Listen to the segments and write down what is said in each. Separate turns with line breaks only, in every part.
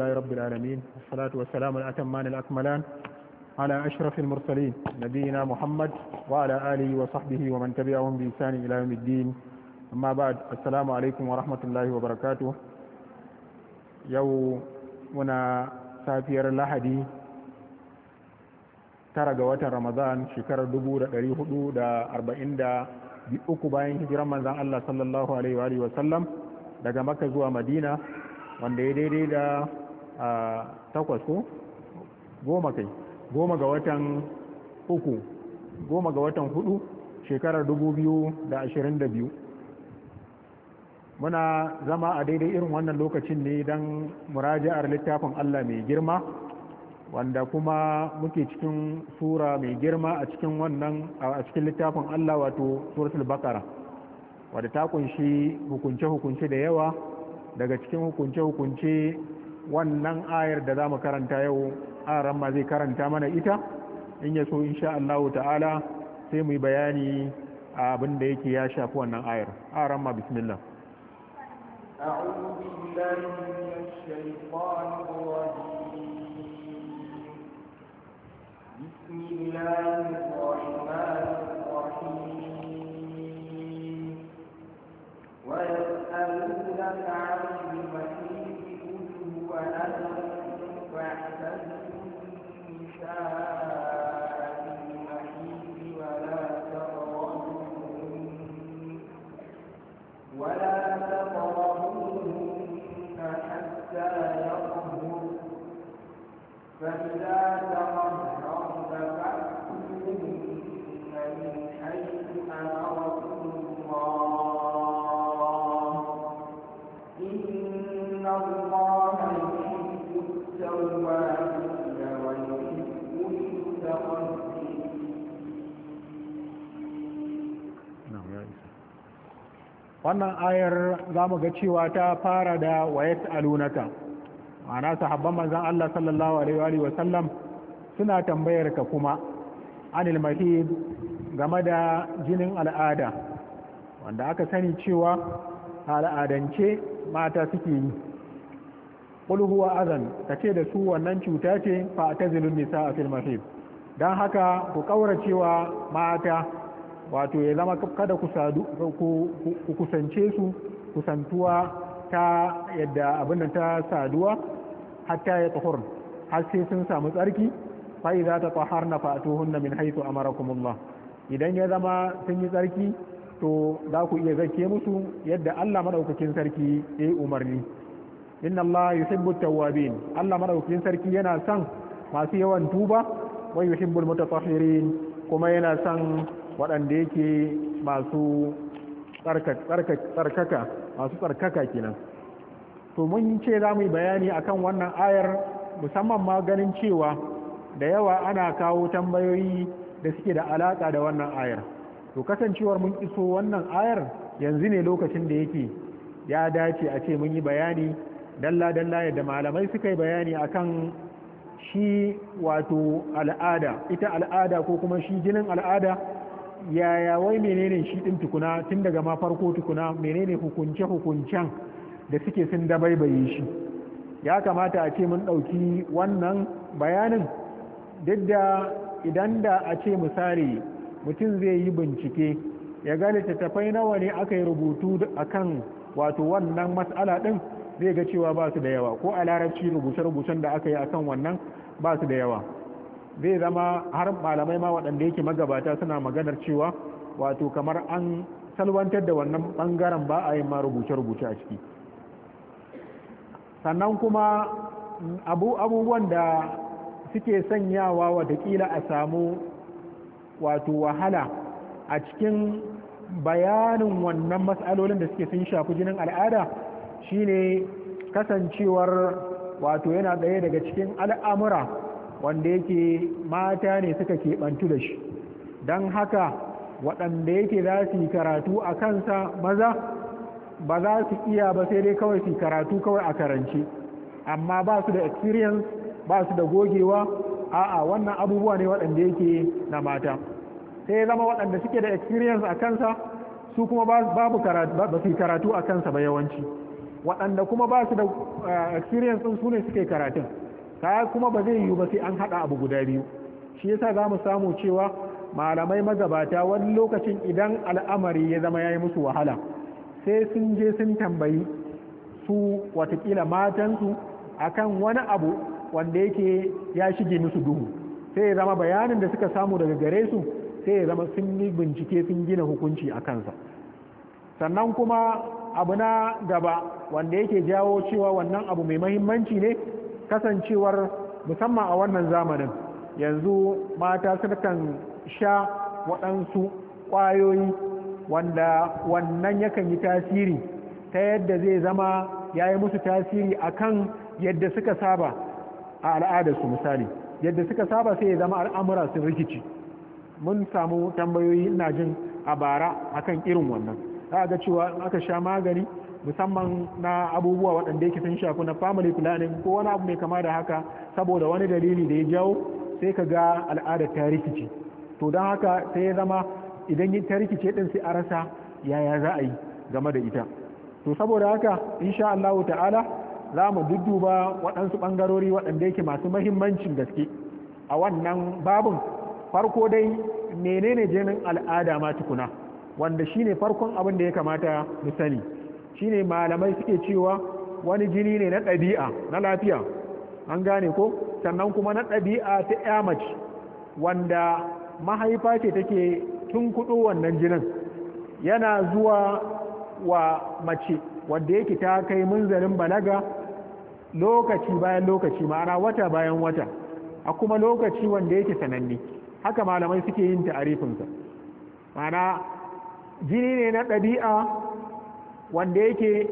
لله رب العالمين والصلاة والسلام الأتمان الأكملان على أشرف المرسلين نبينا محمد وعلى آله وصحبه ومن تبعهم بإحسان إلى يوم الدين أما بعد السلام عليكم ورحمة الله وبركاته يوم safiyar lahadi tara ga watan ramadan shekarar 443 bayan hijiran manzan Allah sallallahu alaihi wa sallam daga makka zuwa madina wanda ya daidai da a takwas ko goma kai goma ga watan uku goma ga watan hudu shekarar dubu biyu da ashirin da biyu muna zama a daidai irin wannan lokacin ne don muraja'ar littafin allah mai girma wanda kuma muke cikin sura mai girma a cikin wannan a cikin littafin allah wato suratul bakara wadda ta kunshi hukunce-hukunce da yawa daga cikin hukunce-hukunce wannan ayar da za mu karanta yau aran ma zai karanta mana ita in ya so insha Allah ta'ala sai mu yi bayani abin da yake ya shafi wannan ayar aran ma bismillah
أعوذ بالله من الشيطان الرجيم بسم الله الرحمن الرحيم ويسألونك عن وأحسنتم نساء
wannan ayar za mu ga cewa ta fara da wayat alunata ma'ana sahabban manzan Allah sallallahu alaihi wa sallam suna tambayar ka kuma anil mahid game da jinin al'ada wanda aka sani cewa al'adance mata suke yi qul huwa azan kace da su wannan cuta ce fa tazilun nisa fil mahid dan haka ku cewa mata wato ya zama kada ku kusance su kusantuwa ta yadda abin ta saduwa hatta ya tsohon har sai sun samu tsarki fa'i za ta tsohar na fa'atuhun na min haitu a marakumullah idan ya zama sun yi tsarki to za ku iya zake musu yadda allah maɗaukakin sarki ya yi umarni inna allah yuhibbu tawwabin allah maɗaukakin sarki yana son masu yawan tuba wa yuhibbul mutatahhirin kuma yana son waɗanda yake masu tsarkaka masu tsarkaka kenan to mun ce za mu yi bayani akan wannan ayar musamman ma ganin cewa da yawa ana kawo tambayoyi da suke da alaƙa da wannan ayar to kasancewar mun iso wannan ayar yanzu ne lokacin da yake ya dace a ce mun yi bayani dalla-dalla yadda malamai suka yi bayani akan shi wato al'ada ita al'ada ko kuma shi jinin al'ada yaya wai menene shi din tukuna tun daga ma farko tukuna menene hukunce hukuncen da suke sun dabaibaye shi ya kamata a ce mun ɗauki wannan bayanin duk da idan da a ce misali mutum zai yi bincike ya ga littattafai nawa ne aka yi rubutu akan wato wannan matsala ɗin zai ga cewa ba su da yawa ko a larabci rubuce-rubucen da aka yi akan wannan ba su da yawa zai zama har malamai ma waɗanda yake magabata suna maganar cewa wato kamar an salwantar da wannan ɓangaren ba a yi ma rubuce-rubuce a ciki sannan kuma abubuwan da suke sanyawa watakila a samu wato wahala a cikin bayanin wannan matsalolin da suke sun shafi jinin al'ada shine kasancewar wato yana ɗaya daga cikin al'amura wanda yake mata ne suka keɓantu da shi don haka waɗanda yake za su yi karatu a kansa maza ba za su iya ba sai dai kawai su karatu kawai a karance amma ba su da experience ba su da gogewa a'a wannan abubuwa ne waɗanda yake na mata sai ya zama waɗanda suke da experience a kansa su kuma babu ba su karatu a kansa ba yawanci waɗanda kuma ba su da eh, experience sun su ne suke karatun kaya kuma ba zai yiwu ba sai an haɗa abu guda biyu shi yasa za mu samu cewa malamai mazabata wani lokacin idan al'amari ya zama ya yi musu wahala sai sun je sun tambayi su watakila matansu akan wani abu wanda yake ya shige musu duhu sai ya zama bayanin da suka samu daga gare su sai ya zama sun yi bincike sun gina hukunci a kansa sannan kuma abu na gaba wanda yake jawo cewa wannan abu mai mahimmanci ne kasancewar musamman a wannan zamanin yanzu mata sukan sha waɗansu ƙwayoyi wanda wannan yakan yi tasiri ta yadda zai zama ya yi musu tasiri akan yadda suka saba a al'adarsu misali yadda suka saba sai ya zama al'amura sun rikici mun samu tambayoyi ina jin a bara akan irin wannan za a ga cewa aka sha magani musamman na abubuwa waɗanda yake sun shafi na family planning ko wani abu mai kama da haka saboda wani dalili da ya jawo sai ka ga al'adar ta rikice to don haka sai ya zama idan ta rikice din sai a rasa yaya za a yi game da ita to saboda haka insha Allah ta'ala za mu dudduba waɗansu ɓangarori waɗanda yake masu mahimmancin gaske a wannan babin farko dai menene jinin al'ada ma tukuna wanda shine farkon abin da ya kamata mu sani shine malamai suke cewa wani jini ne na ɗabi'a na lafiya an gane ko sannan kuma na ɗabi'a ta yamaci mace wanda mahaifa ce take tun kuɗo wannan jinin yana zuwa wa mace wadda yake ta kai munzarin balaga lokaci bayan lokaci ma'ana wata bayan wata a kuma lokaci wanda yake sananni haka malamai suke yin ta'arifinsa ma'ana jini ne na ɗabi'a wanda yake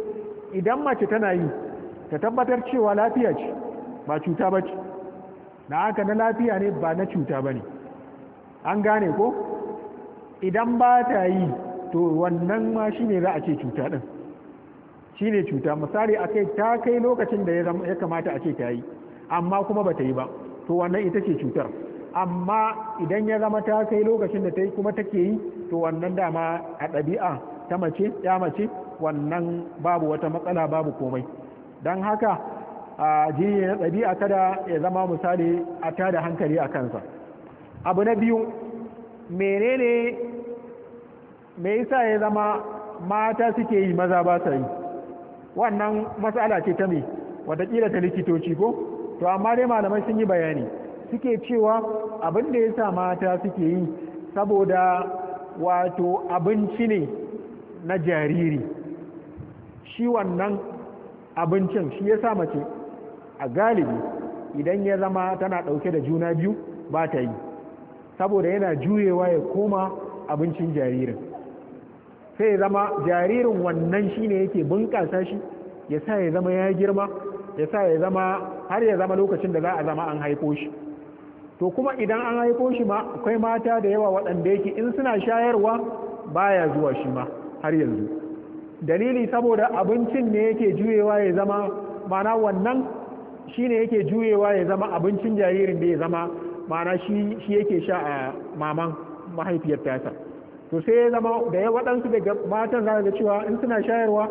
idan mace tana yi ta tabbatar cewa lafiya ce ba cuta ba ce na haka na lafiya ne ba na cuta ba ne an gane ko idan ba ta yi to wannan ma shi ne za a ce cuta ɗin shi ne cuta misali a kai ta kai lokacin da ya kamata a ce ta yi amma kuma ba ta yi ba to wannan ita ce cutar amma idan ya zama ta kai lokacin da ta yi kuma take yi to wannan dama a ɗabi'a ta mace ya mace wannan babu wata matsala babu komai don haka a jini na ɗabi'a kada ya zama misali a tada hankali a kansa abu na biyu menene me yasa ya zama mata suke yi maza ba sa yi wannan matsala ce ta me wataƙila ta likitoci ko to amma dai malamai sun yi bayani suke cewa abin da ya sa mata suke yi saboda wato abinci ne na jariri shi wannan abincin shi ya sa mace a galibi idan ya zama tana ɗauke da juna biyu ba ta yi saboda yana juyewa ya koma abincin jaririn sai ya zama jaririn wannan shi ne yake bunƙasa shi ya sa ya zama ya girma ya sa ya zama har ya zama lokacin da za a zama an haifo shi to kuma idan an haifo shi ma akwai mata da yawa waɗanda yake in suna shayarwa baya zuwa shi ma har yanzu dalili saboda abincin ne yake juyewa ya zama mana wannan shi ne yake juyewa ya zama abincin jaririn da ya zama mana shi yake sha a maman mahaifiyar tasa to sai ya zama da ya waɗansu daga matan za ga cewa in suna shayarwa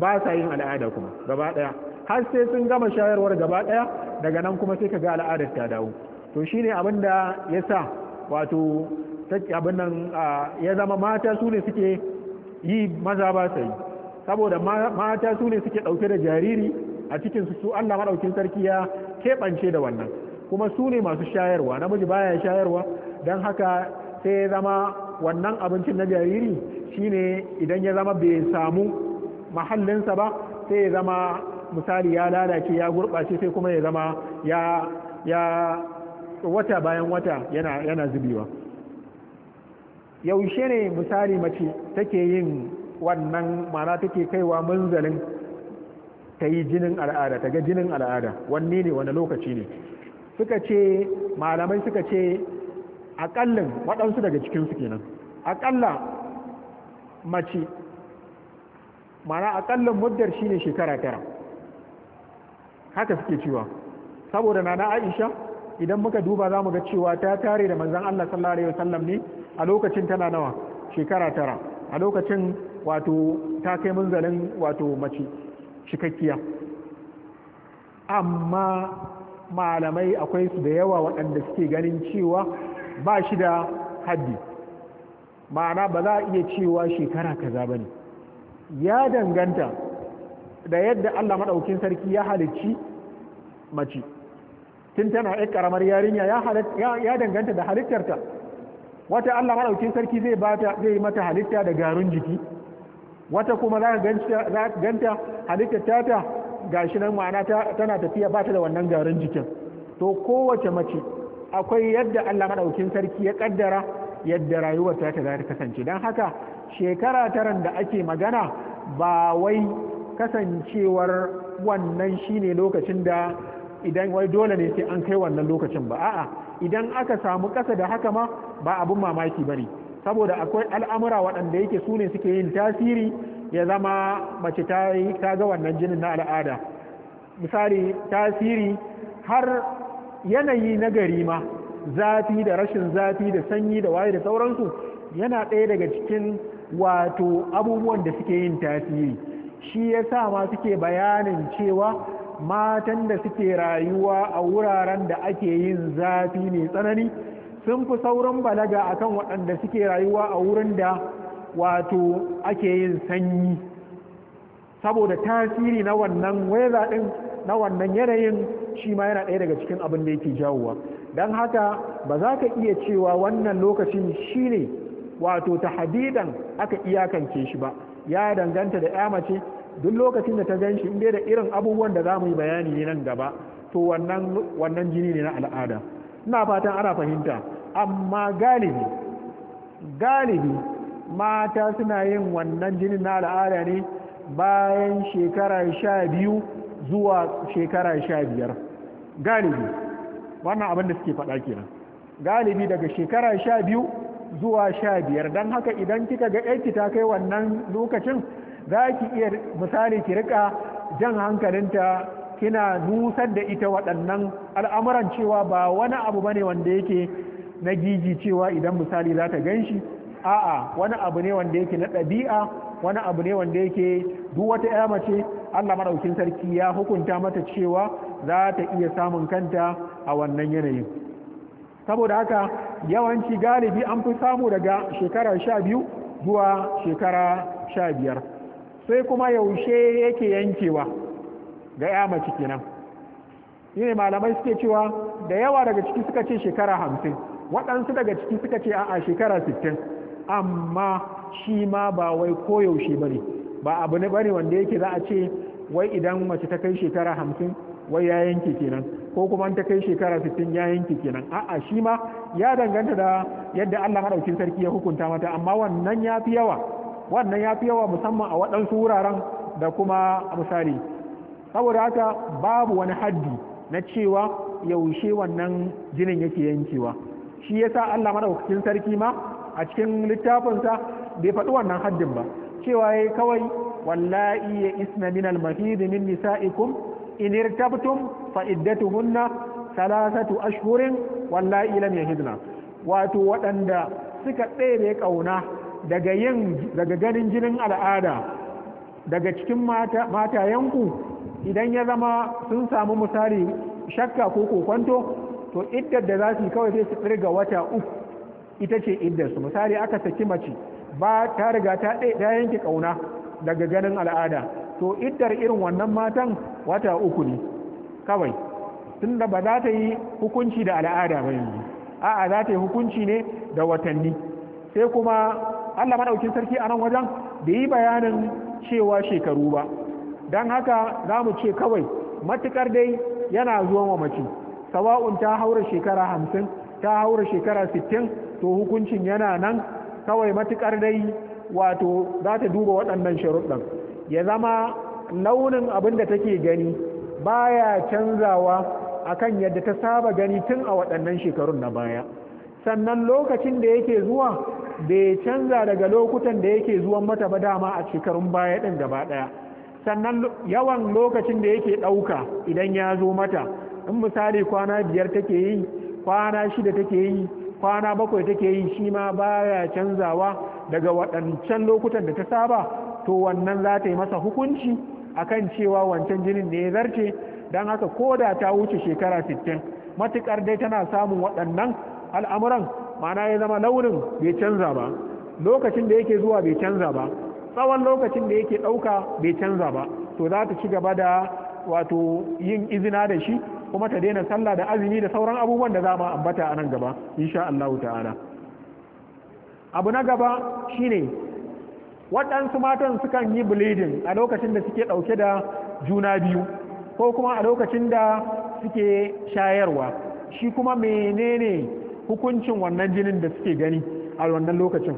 ba sa yin al'ada kuma gaba ɗaya har sai sun gama shayarwar gaba ɗaya daga nan kuma sai ka ga al'adar ta dawo to shi ne abin da ya sa wato abin nan ya zama mata su ne suke yi maza ba sa yi saboda mata su ne suke ɗauke da jariri a cikin su Allah maɗaukin sarki ya keɓance da wannan kuma su ne masu shayarwa namiji baya shayarwa don haka sai ya zama wannan abincin na jariri shine idan ya zama bai samu mahallinsa ba sai ya zama misali ya lalace ya gurɓace sai kuma ya zama ya wata bayan wata yana yana zubewa yaushe ne misali mace take yin wannan mana take kaiwa munzalin ta yi jinin al'ada ta ga jinin al'ada wanne ne wani lokaci ne suka ce malamai suka ce akallin waɗansu daga cikinsu kenan akalla mace mana akallin muddar shine shekara tara haka suke cewa saboda nana aisha idan muka duba za mu ga cewa ta tare da manzan allah sallallahu alaihi wasallam ne a lokacin tana nawa shekara tara a lokacin wato ta kai munzalin wato mace cikakkiya amma malamai akwai su da yawa waɗanda suke ganin cewa ba shi da haddi ma'ana ba za a iya cewa shekara kaza ba ne ya danganta da yadda allah maɗaukin sarki ya halicci mace tun tana 'yar ƙaramar yarinya ya danganta da halittarta wata Allah maɗaukin sarki zai bata zai mata halitta da garin jiki wata kuma za ka ganta halitta ta tata gashi nan ma'ana tana tafiya bata da wannan garin jikin to kowace mace akwai yadda Allah maɗaukin sarki ya kaddara yadda rayuwar ta za ta kasance dan haka shekara taran da ake magana ba wai kasancewar wannan shine lokacin da idan wai dole ne sai an kai wannan lokacin ba a'a idan aka samu ƙasa da haka ma ba abun mamaki bane saboda akwai al'amura waɗanda yake su ne suke yin tasiri ya zama mace ta ga wannan jinin na al'ada misali tasiri har yanayi na gari ma zafi da rashin zafi da sanyi da waye da sauransu yana ɗaya daga cikin wato abubuwan da suke yin tasiri shi ya sa ma suke bayanin cewa matan da suke rayuwa a wuraren da ake yin zafi mai tsanani sun fi sauran balaga akan waɗanda suke rayuwa a wurin da wato ake yin sanyi saboda tasiri na wannan weza ɗin na wannan yanayin shi ma yana ɗaya daga cikin abin da yake jawowa don haka ba za ka iya cewa wannan lokacin shi ne wato ta hadidan aka iyakance shi ba ya danganta da ya mace duk lokacin da ta gan shi inda da irin abubuwan da za mu yi bayani ne nan gaba to wannan jini ne na al'ada ina fatan ana fahimta amma galibi galibi mata suna yin wannan jinin na al'ada ne bayan shekara sha biyu zuwa shekara sha biyar galibi wannan abin da suke faɗa kenan galibi daga shekara sha biyu zuwa sha biyar don haka idan kika ga yanki ta kai wannan lokacin za ki iya misali ki rika jan hankalinta kina nusar da ita waɗannan al'amuran cewa ba wani abu bane wanda yake na giji cewa idan misali za ta gan shi a'a wani abu ne wanda yake na ɗabi'a wani abu ne wanda yake duk wata ya mace Allah maɗaukin sarki ya hukunta mata cewa za ta iya samun kanta a wannan yanayin saboda haka yawanci galibi an fi samu daga shekara sha biyu zuwa shekara sha biyar sai kuma yaushe yake yankewa ga ya mace kenan shine malamai suke cewa da yawa daga ciki suka ce shekara hamsin waɗansu daga ciki suka ce a shekara sittin amma shi ma ba wai koyaushe ba ne ba abu ne bane wanda yake za a ce wai idan mace ta kai shekara hamsin wai ya yanke kenan ko kuma ta kai shekara sittin ya yanke kenan a'a shi ma ya danganta da yadda Allah maɗaukin sarki ya hukunta mata amma wannan ya fi yawa wannan ya fi yawa musamman a waɗansu wuraren da kuma a misali saboda haka babu wani haddi na cewa yaushe wannan jinin yake yankewa shi yasa Allah madaukakin sarki ma a cikin littafinsa bai faɗi wannan haddin ba cewa yayi kawai wallahi ya isna min al-mahid min nisaikum in irtabtum fa iddatuhunna thalathatu ashhurin wallahi lam yahidna wato waɗanda suka ɗaya ƙauna daga yin daga ganin jinin al'ada daga cikin mata matayenku idan ya zama sun samu misali shakka ko kokonto to iddar da za su yi kawai sai su tsirga wata uku ita ce iddar misali aka saki mace ba ta riga ta ta yanke kauna daga ganin al'ada to iddar irin wannan matan wata uku ne kawai tunda ba za ta yi hukunci da al'ada ba yanzu a'a za ta yi hukunci ne da watanni sai kuma Allah madaukin sarki a nan wajen da yi bayanin cewa shekaru ba don haka za mu ce kawai matukar dai yana zuwa wa mace sawa'un ta haura shekara hamsin ta haura shekara sittin to hukuncin yana nan kawai matukar dai wato za ta duba waɗannan sharuɗan ya zama launin abin da take gani baya canzawa akan yadda ta saba gani tun a waɗannan shekarun na baya sannan lokacin da yake zuwa bai canza daga lokutan da yake zuwan mata ba dama a shekarun baya ɗin gaba ɗaya sannan yawan lokacin da yake ɗauka idan ya zo mata in misali kwana biyar take yi kwana shida take yi kwana bakwai take yi shi ma baya canzawa daga waɗancan lokutan da ta saba to wannan za ta yi masa hukunci A kan cewa wancan jinin ne ya zarce don haka ko da ta wuce shekara sittin, matuƙar dai tana samun waɗannan al'amuran mana ya zama launin bai canza ba lokacin da yake zuwa bai canza ba tsawon lokacin da yake ɗauka bai canza ba to za ta ci gaba da wato yin izina da shi kuma ta daina sallah da azumi da sauran abubuwan da za mu ambata a nan gaba insha Allah ta'ala abu na gaba shine waɗansu matan sukan yi bleeding a lokacin da suke ɗauke da juna biyu ko kuma a lokacin da suke shayarwa shi kuma menene hukuncin wannan jinin da suke gani a wannan lokacin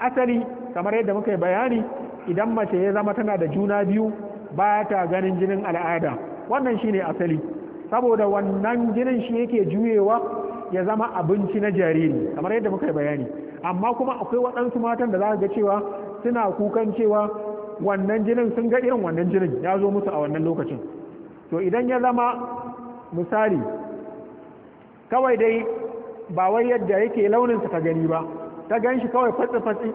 asali kamar yadda muka bayani idan mace ya zama tana da juna biyu ba ta ganin jinin al'ada wannan shine asali saboda wannan jinin shi yake juyewa ya zama abinci na jariri kamar yadda muka yi bayani amma kuma akwai waɗansu matan da za ga cewa suna kukan cewa wannan jinin sun ga irin wannan jinin ya zo musu a wannan lokacin to idan ya zama misali kawai dai ba wai yadda yake launinsa ta gani ba ta gan kawai fatsi-fatsi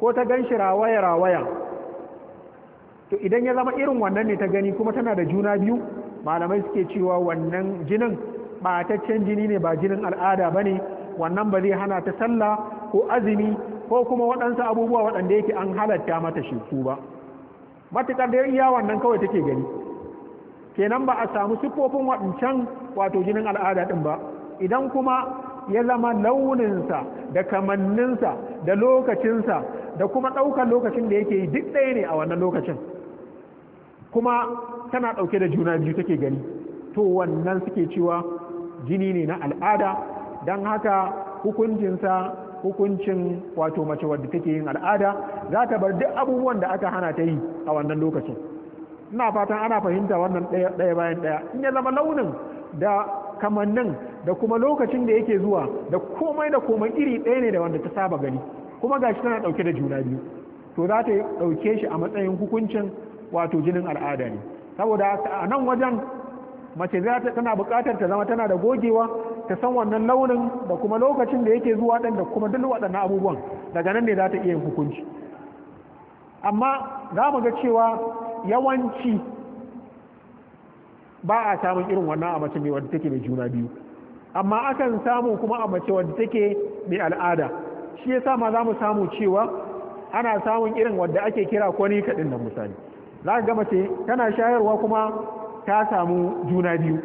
ko ta gan shi rawaya-rawaya to idan ya zama irin wannan ne ta gani kuma tana da juna biyu malamai suke cewa wannan jinin ɓataccen jini ne ba jinin al'ada ba ne wannan ba zai hana ta sallah ko azumi ko kuma waɗansu abubuwa waɗanda yake an halatta mata shi su ba matuƙar da iya wannan kawai take gani kenan ba a samu siffofin waɗancan wato jinin al'ada ɗin ba idan kuma ya zama launinsa da kamanninsa da lokacinsa da kuma ɗaukar lokacin da yake yi duk ɗaya ne a wannan lokacin kuma tana ɗauke da juna biyu take gani to wannan suke cewa jini ne na al'ada don haka hukuncinsa hukuncin wato mace wadda take yin al'ada za ta bar duk abubuwan da aka hana ta yi a wannan lokacin ina fatan ana fahimta wannan ɗaya bayan ɗaya in ya zama launin da kamannin da kuma lokacin da yake zuwa da komai da komai iri ɗaya ne da wanda ta saba gani kuma gashi tana ɗauke da juna biyu to za ta ɗauke shi a matsayin hukuncin wato jinin al'ada ne saboda a nan wajen mace za ta tana buƙatar ta zama tana da gogewa ta san wannan launin da kuma lokacin da yake zuwa ɗan da kuma duk waɗannan abubuwan daga nan ne za ta iya yin hukunci amma za mu ga cewa yawanci ba a samun irin wannan a mace mai wadda take mai juna biyu amma akan samu kuma a mace wadda take mai al'ada shi yasa ma za mu samu cewa ana samun irin wadda ake kira kwani kaɗin nan misali za ka gama mace tana shayarwa kuma ta samu juna biyu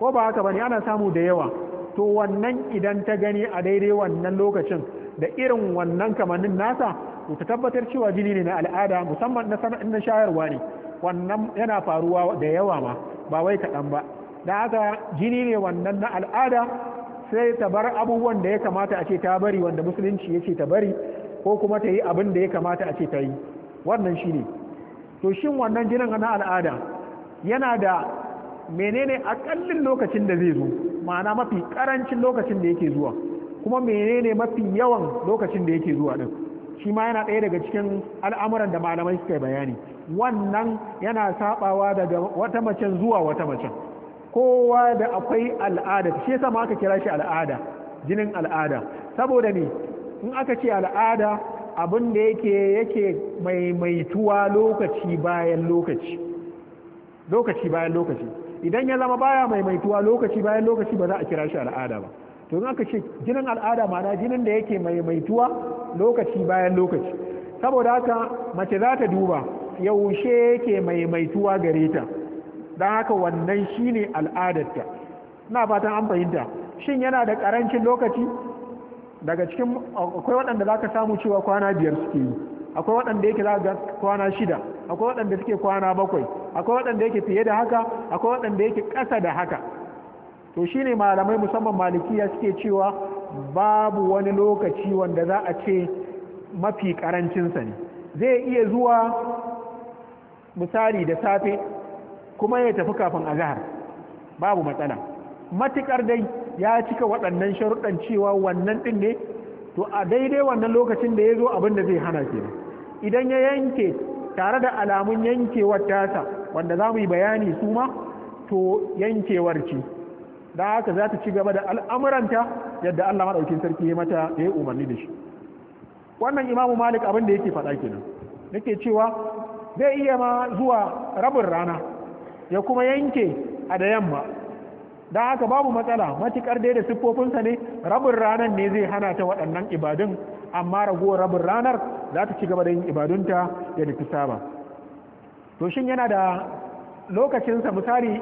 ko ba haka ba ne ana samu da yawa to wannan idan ta gani a daidai wannan lokacin da irin wannan kamannin nasa to ta tabbatar cewa jini ne na al'ada musamman na shayarwa ne wannan yana faruwa da yawa ma ba wai kaɗan ba da haka jini ne wannan na al'ada sai ta bar abubuwan da ya kamata a ce ta bari wanda musulunci ya ce ta bari ko kuma ta yi abin da ya kamata a ce ta yi wannan shi ne to shin wannan jinin na al'ada yana da menene akallin lokacin da zai zo ma'ana mafi karancin lokacin da yake zuwa kuma menene mafi yawan lokacin da yake zuwa din shi ma yana ɗaya daga cikin al'amuran da malamai suka yi bayani wannan yana sabawa daga wata macen zuwa wata macen kowa da akwai al'ada shi yasa ma aka kira shi al'ada jinin al'ada saboda ne in aka ce al'ada abin da yake yake maimaituwa lokaci bayan lokaci lokaci bayan lokaci idan ya zama baya maimaituwa lokaci bayan lokaci ba za a kira shi al'ada ba to aka ce jinin al'ada ma'ana jinin da yake maimaituwa lokaci bayan lokaci saboda haka mace za ta duba yaushe yake maimaituwa gare ta don haka wannan shi ne al'adarta na fatan an fahimta shin yana da karancin lokaci daga cikin akwai waɗanda za ka samu cewa kwana biyar suke yi akwai waɗanda yake za ga kwana shida akwai waɗanda suke kwana bakwai akwai waɗanda yake fiye da haka akwai waɗanda yake ƙasa da haka to shi ne malamai musamman malikiya suke cewa babu wani lokaci wanda za a ce mafi karancinsa ne zai iya zuwa misali da safe kuma ya tafi kafin a azahar babu matsala matukar dai ya cika waɗannan sharuɗan cewa wannan ɗin ne to a daidai wannan lokacin da ya zo abin da zai hana ke idan ya yanke tare da alamun yankewar tasa wanda za mu yi bayani su ma to yankewar ce da haka za ta ci gaba da al'amuranta yadda Allah maɗaukin sarki ya mata ya yi umarni da shi wannan imamu malik abin da yake faɗa kenan nake cewa zai iya ma zuwa rabin rana ya kuma yanke a da yamma da haka babu matsala matukar dai da siffofinsa ne rabin ranar ne zai hana ta waɗannan ibadun amma ragowar rabin ranar za ta ci gaba da yin ibadunta yadda ta saba to shin yana da lokacinsa misali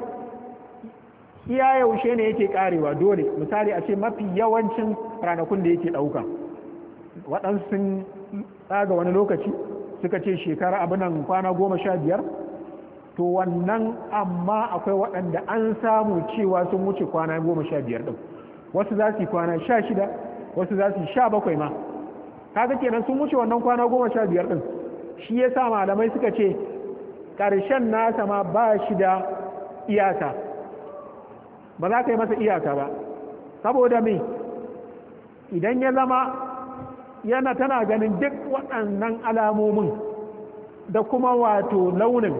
iya yaushe ne yake karewa dole misali a ce mafi yawancin ranakun da yake ɗauka waɗansu sun tsaga wani lokaci suka ce shekara abinan kwana goma sha biyar to wannan amma akwai waɗanda an samu cewa sun wuce kwana goma sha biyar ɗin wasu za su yi kwana sha shida wasu za su yi sha bakwai ma kaga kenan sun wuce wannan kwana goma sha biyar ɗin shi ya sa malamai suka ce ƙarshen nasa ma ba shi da iyaka ba za ka yi masa iyaka ba saboda me idan ya zama yana tana ganin duk waɗannan alamomin da kuma wato launin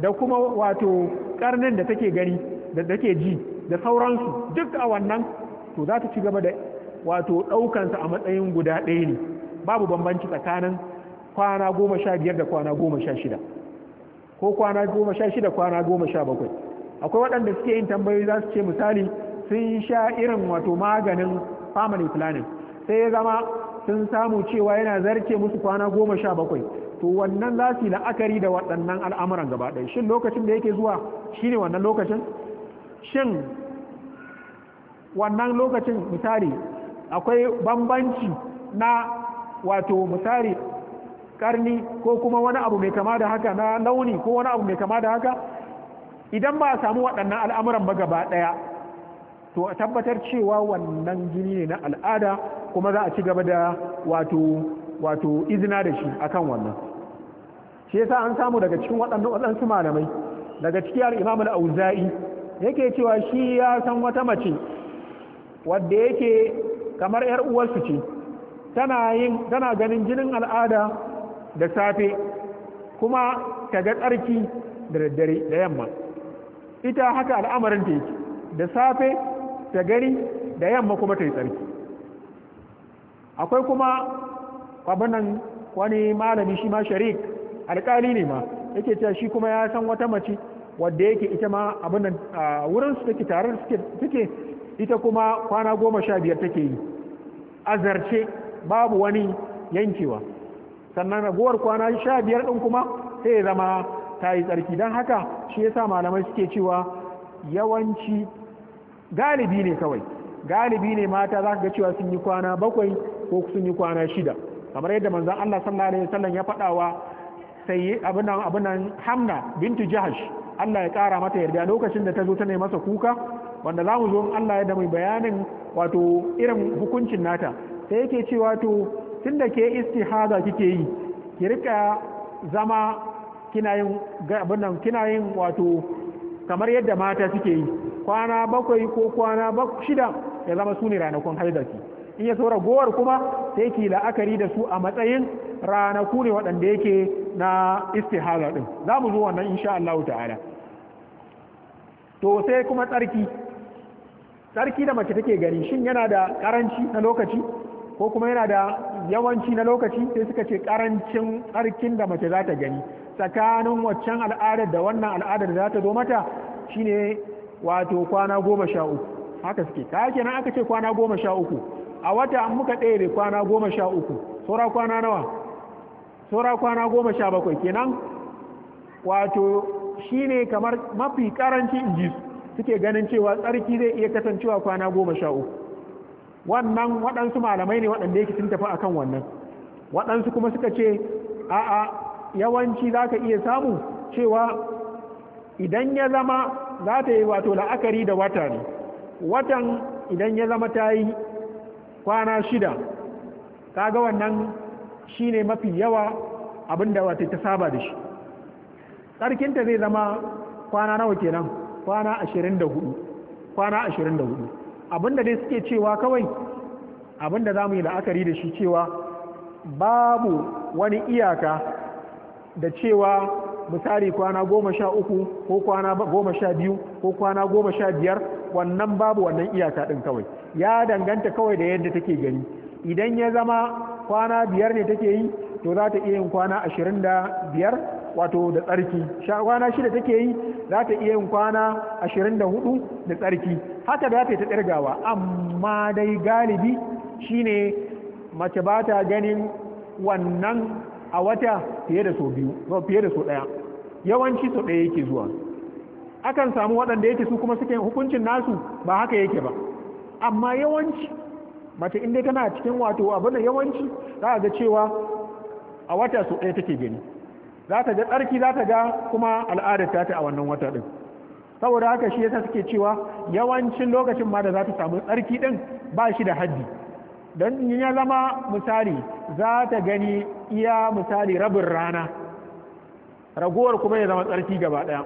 da kuma wato ƙarnin da take gani da take ji da sauransu duk a wannan to za ta ci gaba da wato ɗaukansa a matsayin guda ɗaya ne babu bambanci tsakanin kwana goma sha biyar da kwana goma sha shida ko kwana goma sha shida kwana goma sha bakwai akwai waɗanda suke yin tambayoyi za su ce misali sun sha irin wato maganin family planning sai ya zama sun samu cewa yana zarce musu kwana goma sha bakwai to wannan za su yi la'akari da waɗannan al'amuran gaba ɗaya shin lokacin da yake zuwa shine wannan lokacin shin wannan lokacin misali akwai bambanci na wato misali karni ko kuma wani abu mai kama da haka na launi ko wani abu mai kama da haka idan ba a samu waɗannan al'amuran ba gaba ɗaya to a tabbatar cewa wannan jini ne na al'ada kuma za a ci gaba da wato izina da shi a kan wannan shi yasa an samu daga cikin waɗannan waɗansu malamai daga ciki al auzai yake cewa shi ya san wata mace wadda yake kamar yar uwarsu ce tana tana ganin jinin al'ada da safe kuma ta ga tsarki da daddare da yamma ita haka al'amarin ta yake da safe ta gari da yamma kuma ta yi tsarki akwai kuma kwabanan wani malami shi ma sharik alkali ne ma yake cewa shi kuma ya san wata mace wadda yake ita ma abin nan wurin su take tare take ita kuma kwana goma sha biyar take yi azarce babu wani yankewa sannan ragowar kwana sha biyar ɗin kuma sai zama ta yi tsarki don haka shi yasa malamai suke cewa yawanci galibi ne kawai galibi ne mata za ka ga cewa sun yi kwana bakwai ko sun yi kwana shida kamar yadda manzan Allah sallallahu alaihi wasallam ya faɗawa sai abinan abinan Hamna bintu Jahash Allah ya ƙara mata yarda lokacin da ta zo ta ne masa kuka wanda za mu zo Allah ya da mai bayanin wato irin hukuncin nata sai yake cewa to tunda ke istihaza kike yi ki rika zama kina yin wato kamar yadda mata suke yi kwana bakwai ko kwana shida ya zama su ne ranakun haidarki in ya saura gowar kuma sai ki la'akari da su a matsayin ranaku ne waɗanda yake na istihala ɗin za mu zo wannan insha Allah ta'ala to sai kuma tsarki tsarki da mace take gani shin yana da karanci na lokaci ko kuma yana da yawanci na lokaci sai suka ce karancin tsarkin da mace za ta gani tsakanin waccan al'adar da wannan al'adar da za ta zo mata shine wato kwana goma sha uku haka suke ta nan aka ce kwana goma sha uku a wata an muka ɗebe kwana goma sha uku saura kwana nawa saura kwana goma sha bakwai kenan wato shine kamar mafi karanci inji suke ganin cewa tsarki zai iya kasancewa kwana goma sha uku wannan waɗansu malamai ne waɗanda yake sun tafi akan wannan waɗansu kuma suka ce a'a yawanci za ka iya samu cewa idan ya zama za ta yi wato la'akari da wata ne watan idan ya zama ta yi kwana shida ga wannan shi ne mafi yawa abinda wata ta saba da shi tsarkinta zai zama kwana nawa kenan kwana ashirin da hudu kwana ashirin da hudu abinda dai suke cewa kawai abinda za mu yi la'akari da shi cewa babu wani iyaka da cewa misali kwana goma sha uku ko kwana goma sha biyu ko kwana goma sha biyar wannan babu wannan iyaka ɗin kawai ya danganta kawai da yadda take gani idan ya zama kwana biyar ne take yi to za ta iya yin kwana ashirin da biyar wato da tsarki kwana shida take yi za ta iya yin kwana ashirin da hudu da tsarki haka da ta yi amma dai galibi shine mace ba ta ganin wannan a wata fiye da so biyu fiye da so ɗaya yawanci so ɗaya yake zuwa akan samu waɗanda yake su kuma suke hukuncin nasu ba haka yake ba amma yawanci mace inda tana cikin wato abin da yawanci za a ga cewa a wata so ɗaya take gani za ta ga tsarki za ta ga kuma al'ada ta ta a wannan wata ɗin saboda haka shi yasa suke cewa yawancin lokacin ma da za ta samu tsarki ɗin ba shi da haddi don in ya zama misali za ta gani iya misali rabin rana ragowar kuma ya zama tsarki gaba ɗaya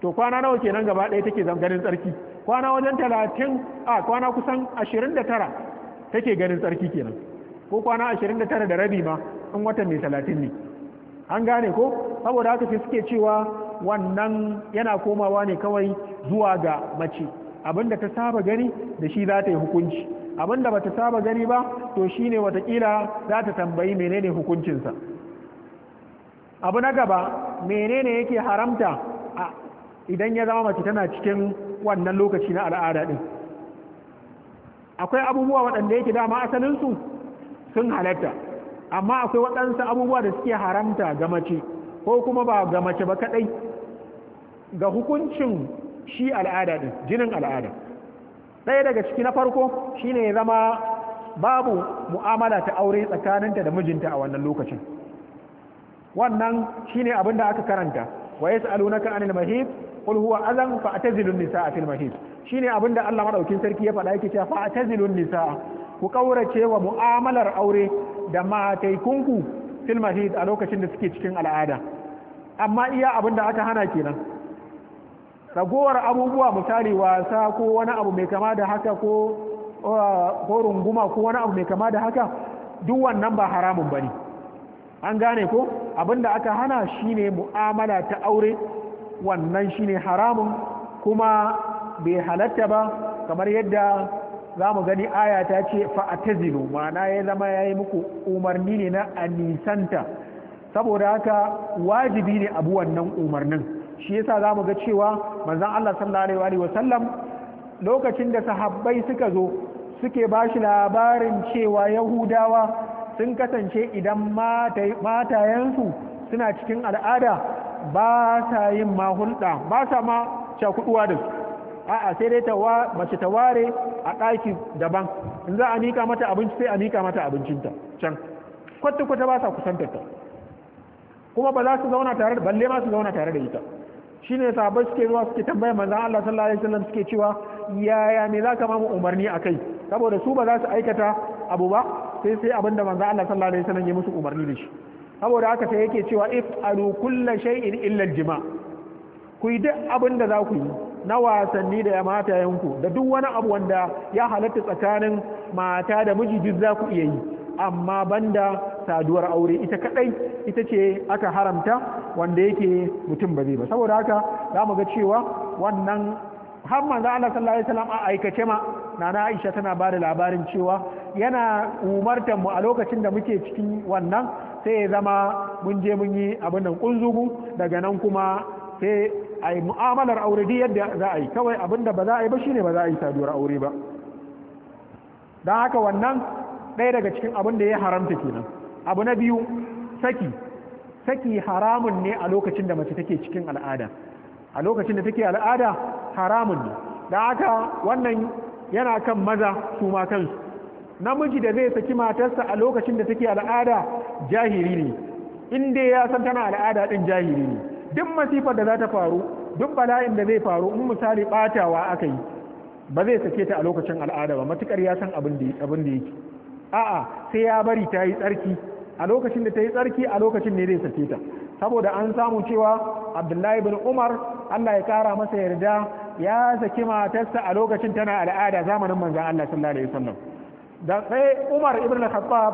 to kwana nawa kenan gaba ɗaya take ganin tsarki kwana wajen talatin a kwana kusan ashirin da tara take ganin tsarki kenan ko kwana ashirin da tara da rabi ma in watan mai talatin ne an gane ko saboda haka sai suke cewa wannan yana komawa ne kawai zuwa ga mace abinda ta saba gani da shi za ta yi hukunci da bata saba gani ba to shine watakila za ta tambayi menene hukuncinsa abu na gaba menene yake haramta idan ya zama mace tana cikin wannan lokaci na al'ada din akwai abubuwa waɗanda yake dama asalinsu sun halatta amma akwai waɗansu abubuwa da suke haramta ga mace ko kuma ba ga mace ba kaɗai ga hukuncin shi al'ada din jinin al'ada ɗaya daga ciki na farko shine ne zama babu mu'amala ta aure tsakaninta da mijinta a wannan lokacin wannan shine abin da aka karanta wa yas'alunaka anil mahib qul huwa azan fa atazilun a fil mahib shine abin da Allah madaukin sarki ya faɗa yake cewa fa atazilun ku kaurace wa mu'amalar aure da mataikunku fil mahib a lokacin da suke cikin al'ada amma iya abin da aka hana kenan ragowar abubuwa misali wasa ko wani abu mai kama da haka uh, ko runguma ko wani abu mai kama da haka duk wannan ba haramun ba ne an gane ko abinda aka hana shine mu'amala ta aure wannan shine haramun kuma bai halatta ba kamar yadda za mu gani aya ta ce fa'atazilu ma'ana ya zama ya yi muku umarni ne na anisanta saboda haka wajibi ne abu wannan umarnin shi yasa za mu ga cewa manzon Allah sallallahu alaihi wa sallam lokacin da sahabbai suka zo suke ba shi labarin cewa yahudawa sun kasance idan matayensu suna cikin al'ada ba sa yin ma hulɗa ba sa ma cakuduwa da su a'a sai dai mace ta ware a ɗaki daban in za a mika mata abinci sai a mika mata abincinta can kwata-kwata ba sa kusantarta kuma ba za su zauna tare da balle ma su zauna tare da ita shine sahabbai suke zuwa suke tambaya manzan Allah sallallahu alaihi wasallam suke cewa yaya ne zaka ka mu umarni a kai saboda su ba za su aikata abu ba sai sai abinda manzan Allah sallallahu alaihi wasallam ya musu umarni da shi saboda haka sai yake cewa if alu kullu shay'in illa aljima ku yi duk abin da za ku yi na wasanni da ya mata yanku da duk wani abu wanda ya halatta tsakanin mata da miji duk za ku iya yi amma banda saduwar aure ita kadai ita ce aka haramta wanda yake mutum ba zai ba saboda haka za mu ga cewa wannan har manzo Allah sallallahu alaihi wasallam a aikace ma nana Aisha tana ba da labarin cewa yana umartar mu a lokacin da muke cikin wannan sai ya zama mun je mun yi abin nan kunzugu daga nan kuma sai a mu'amalar aure duk yadda za a yi kawai abinda da ba za a yi ba shine ba za a yi saduwar aure ba don haka wannan ɗaya daga cikin abin da ya haramta kenan abu na biyu saki saki haramun ne a lokacin da mace take cikin al'ada a lokacin da take al'ada haramun ne da aka wannan yana kan maza su ma kansu namiji da zai saki matarsa a lokacin da take al'ada jahiri ne in dai ya san tana al'ada din jahiri ne duk masifar da za ta faru duk bala'in da zai faru in misali batawa aka yi ba zai sake ta a lokacin al'ada ba matukar ya san abin da yake a'a sai ya bari ta yi tsarki a lokacin da ta yi tsarki a lokacin ne zai sake ta saboda an samu cewa abdullahi bin umar allah ya kara masa yarda ya saki matarsa a lokacin tana al'ada zamanin manzan allah sallallahu alaihi wasallam da sai umar ibn al-khattab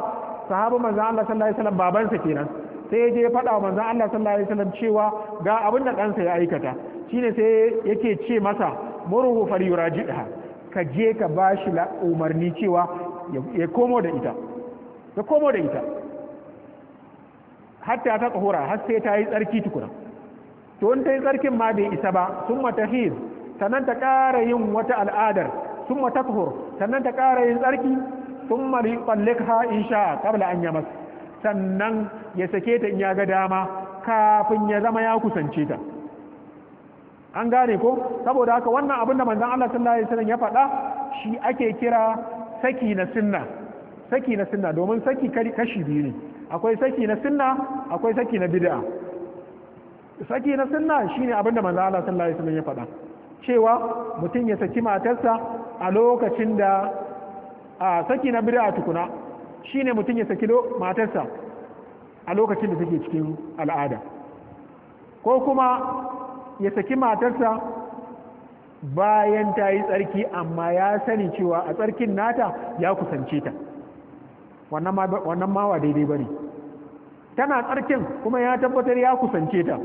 sahabin manzan allah sallallahu alaihi wasallam babansa kenan sai ya je faɗa wa manzan allah sallallahu alaihi wasallam cewa ga abin da ɗansa ya aikata shine sai yake ce masa murhu falyuraji'ha ka je ka bashi umarni cewa ya komo da ita ya komo da ita hatta ta kahura har sai ta yi tsarki tukuna to in ta tsarkin ma bai isa ba sun mata hiz sannan ta ƙara yin wata al'adar sun mata kahur sannan ta ƙara yin tsarki sun mari tsallek ha sha kabla an ya masu sannan ya sake ta in ya ga dama kafin ya zama ya kusance ta an gane ko saboda haka wannan abin da manzan Allah sallallahu alaihi wasallam ya faɗa shi ake kira saki na sunna saki na sunna domin saki kashi biyu ne akwai saki na sunna akwai saki na bid'a saki na sunna shine abin da manzo Allah sallallahu alaihi wasallam ya faɗa cewa mutum ya saki matarsa a lokacin da a saki na bid'a tukuna shine mutum ya saki matarsa a lokacin da take cikin al'ada ko kuma ya saki matarsa bayan ta yi tsarki amma ya sani cewa a tsarkin nata ya kusance ta wannan ma wa daidai ne. tana tsarkin kuma ya tabbatar ya kusance ta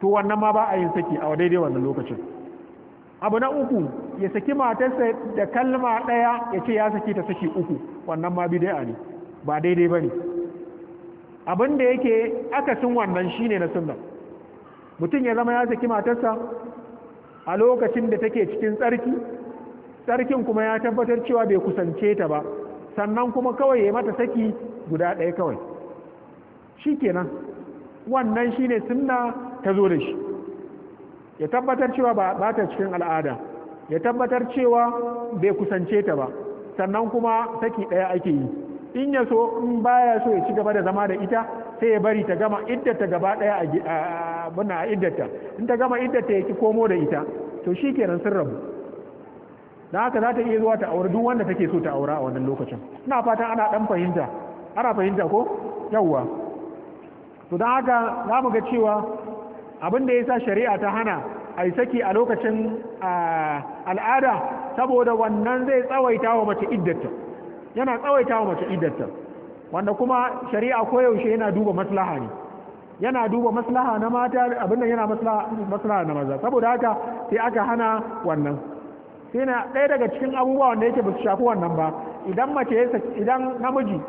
to wannan ma ba a yin saki a daidai wannan lokacin abu na uku ya saki matarsa da kalma ɗaya ya ce ya saki ta saki uku wannan ma bid'a ne ba daidai ba ne. abin da yake akasin wannan shi ne na sunna mutum ya zama ya saki matarsa a lokacin da take cikin tsarki tsarkin kuma ya tabbatar cewa bai kusance ta ba sannan kuma kawai ya mata saki guda ɗaya kawai shi kenan wannan shi ne sunna ta zo da shi ya tabbatar cewa ba ta cikin al'ada ya tabbatar cewa bai kusance ta ba sannan kuma saki ɗaya ake yi in ya so in baya so ya ci gaba da zama da ita sai ya bari ta gama iddata gaba ɗaya a iddata in ta gama iddata ya ki komo da ita to shi kenan sun rabu da haka za ta iya zuwa ta auri duk wanda take so ta aura a wannan lokacin ina fatan ana dan fahimta ana fahimta ko yawwa to don haka za mu ga cewa abin da ya shari'a ta hana a yi saki a lokacin al'ada saboda wannan zai tsawaita wa mace iddatta yana tsawaita wa mace iddatta wanda kuma shari'a koyaushe yana duba maslaha ne yana duba maslaha na mata abin da yana maslaha na maza saboda haka sai aka hana wannan shi na ɗaya daga cikin abubuwa wanda yake ba shafi wannan ba idan mace idan namiji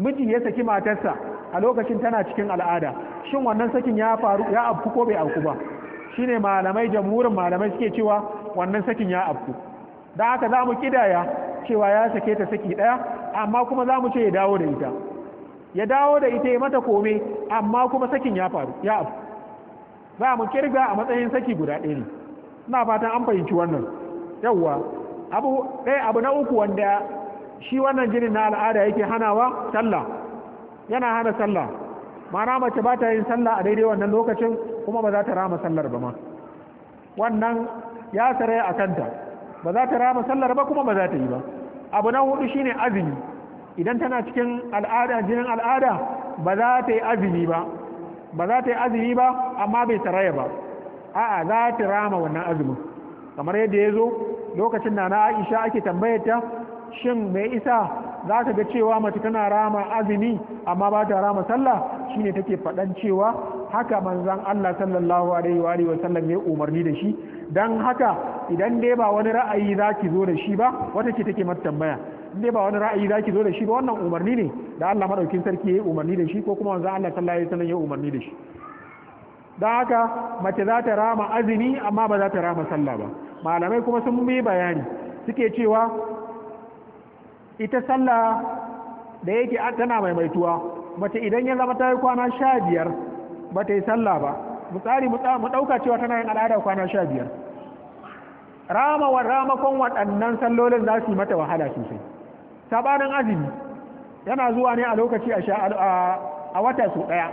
miji ya saki matarsa a lokacin tana cikin al'ada shin wannan sakin ya faru ya afku ko bai afku ba shine malamai jamhurin malamai suke cewa wannan sakin ya afku Dan haka za mu kidaya cewa ya sake ta saki ɗaya amma kuma za mu ce ya dawo da ita ya dawo da ita ya mata kome amma kuma sakin ya faru ya afku za mu kirga a matsayin saki guda ɗaya ne ina fatan an fahimci wannan yawwa abu ɗaya abu na uku wanda shi wannan jinin na al'ada yake hanawa sallah yana hana sallah mana mace ba ta yin sallah a daidai wannan lokacin kuma ba za ta rama sallar ba ma wannan ya tsare a kanta ba za ta rama sallar ba kuma ba za ta yi ba abu na hudu shine azumi idan tana cikin al'ada jinin al'ada ba za ta yi azumi ba ba za ta yi azumi ba amma bai tsare ba a'a za ta rama wannan azumin kamar yadda ya zo lokacin na na aisha ake tambayar ta shin mai isa za ka ga cewa mace tana rama azumi amma ba ta rama sallah shine take faɗan cewa haka manzan Allah sallallahu alaihi wa alihi wasallam ya umarni da shi dan haka idan dai ba wani ra'ayi za ki zo da shi ba wata ce take mata tambaya in dai ba wani ra'ayi za ki zo da shi ba wannan umarni ne da Allah madaukin sarki ya umarni da shi ko kuma manzan Allah sallallahu alaihi wasallam ya umarni da shi Da haka mace za ta rama azumi amma ba za ta rama sallah ba malamai kuma sun yi bayani suke cewa ita sallah da yake tana maimaituwa mace idan ya zama ta yi kwana sha biyar ba ta yi sallah ba misali mu ɗauka cewa tana yin al'ada kwana sha biyar rama wa ramakon waɗannan sallolin za su yi mata wahala sosai sabanin azumi yana zuwa ne a lokaci a wata su ɗaya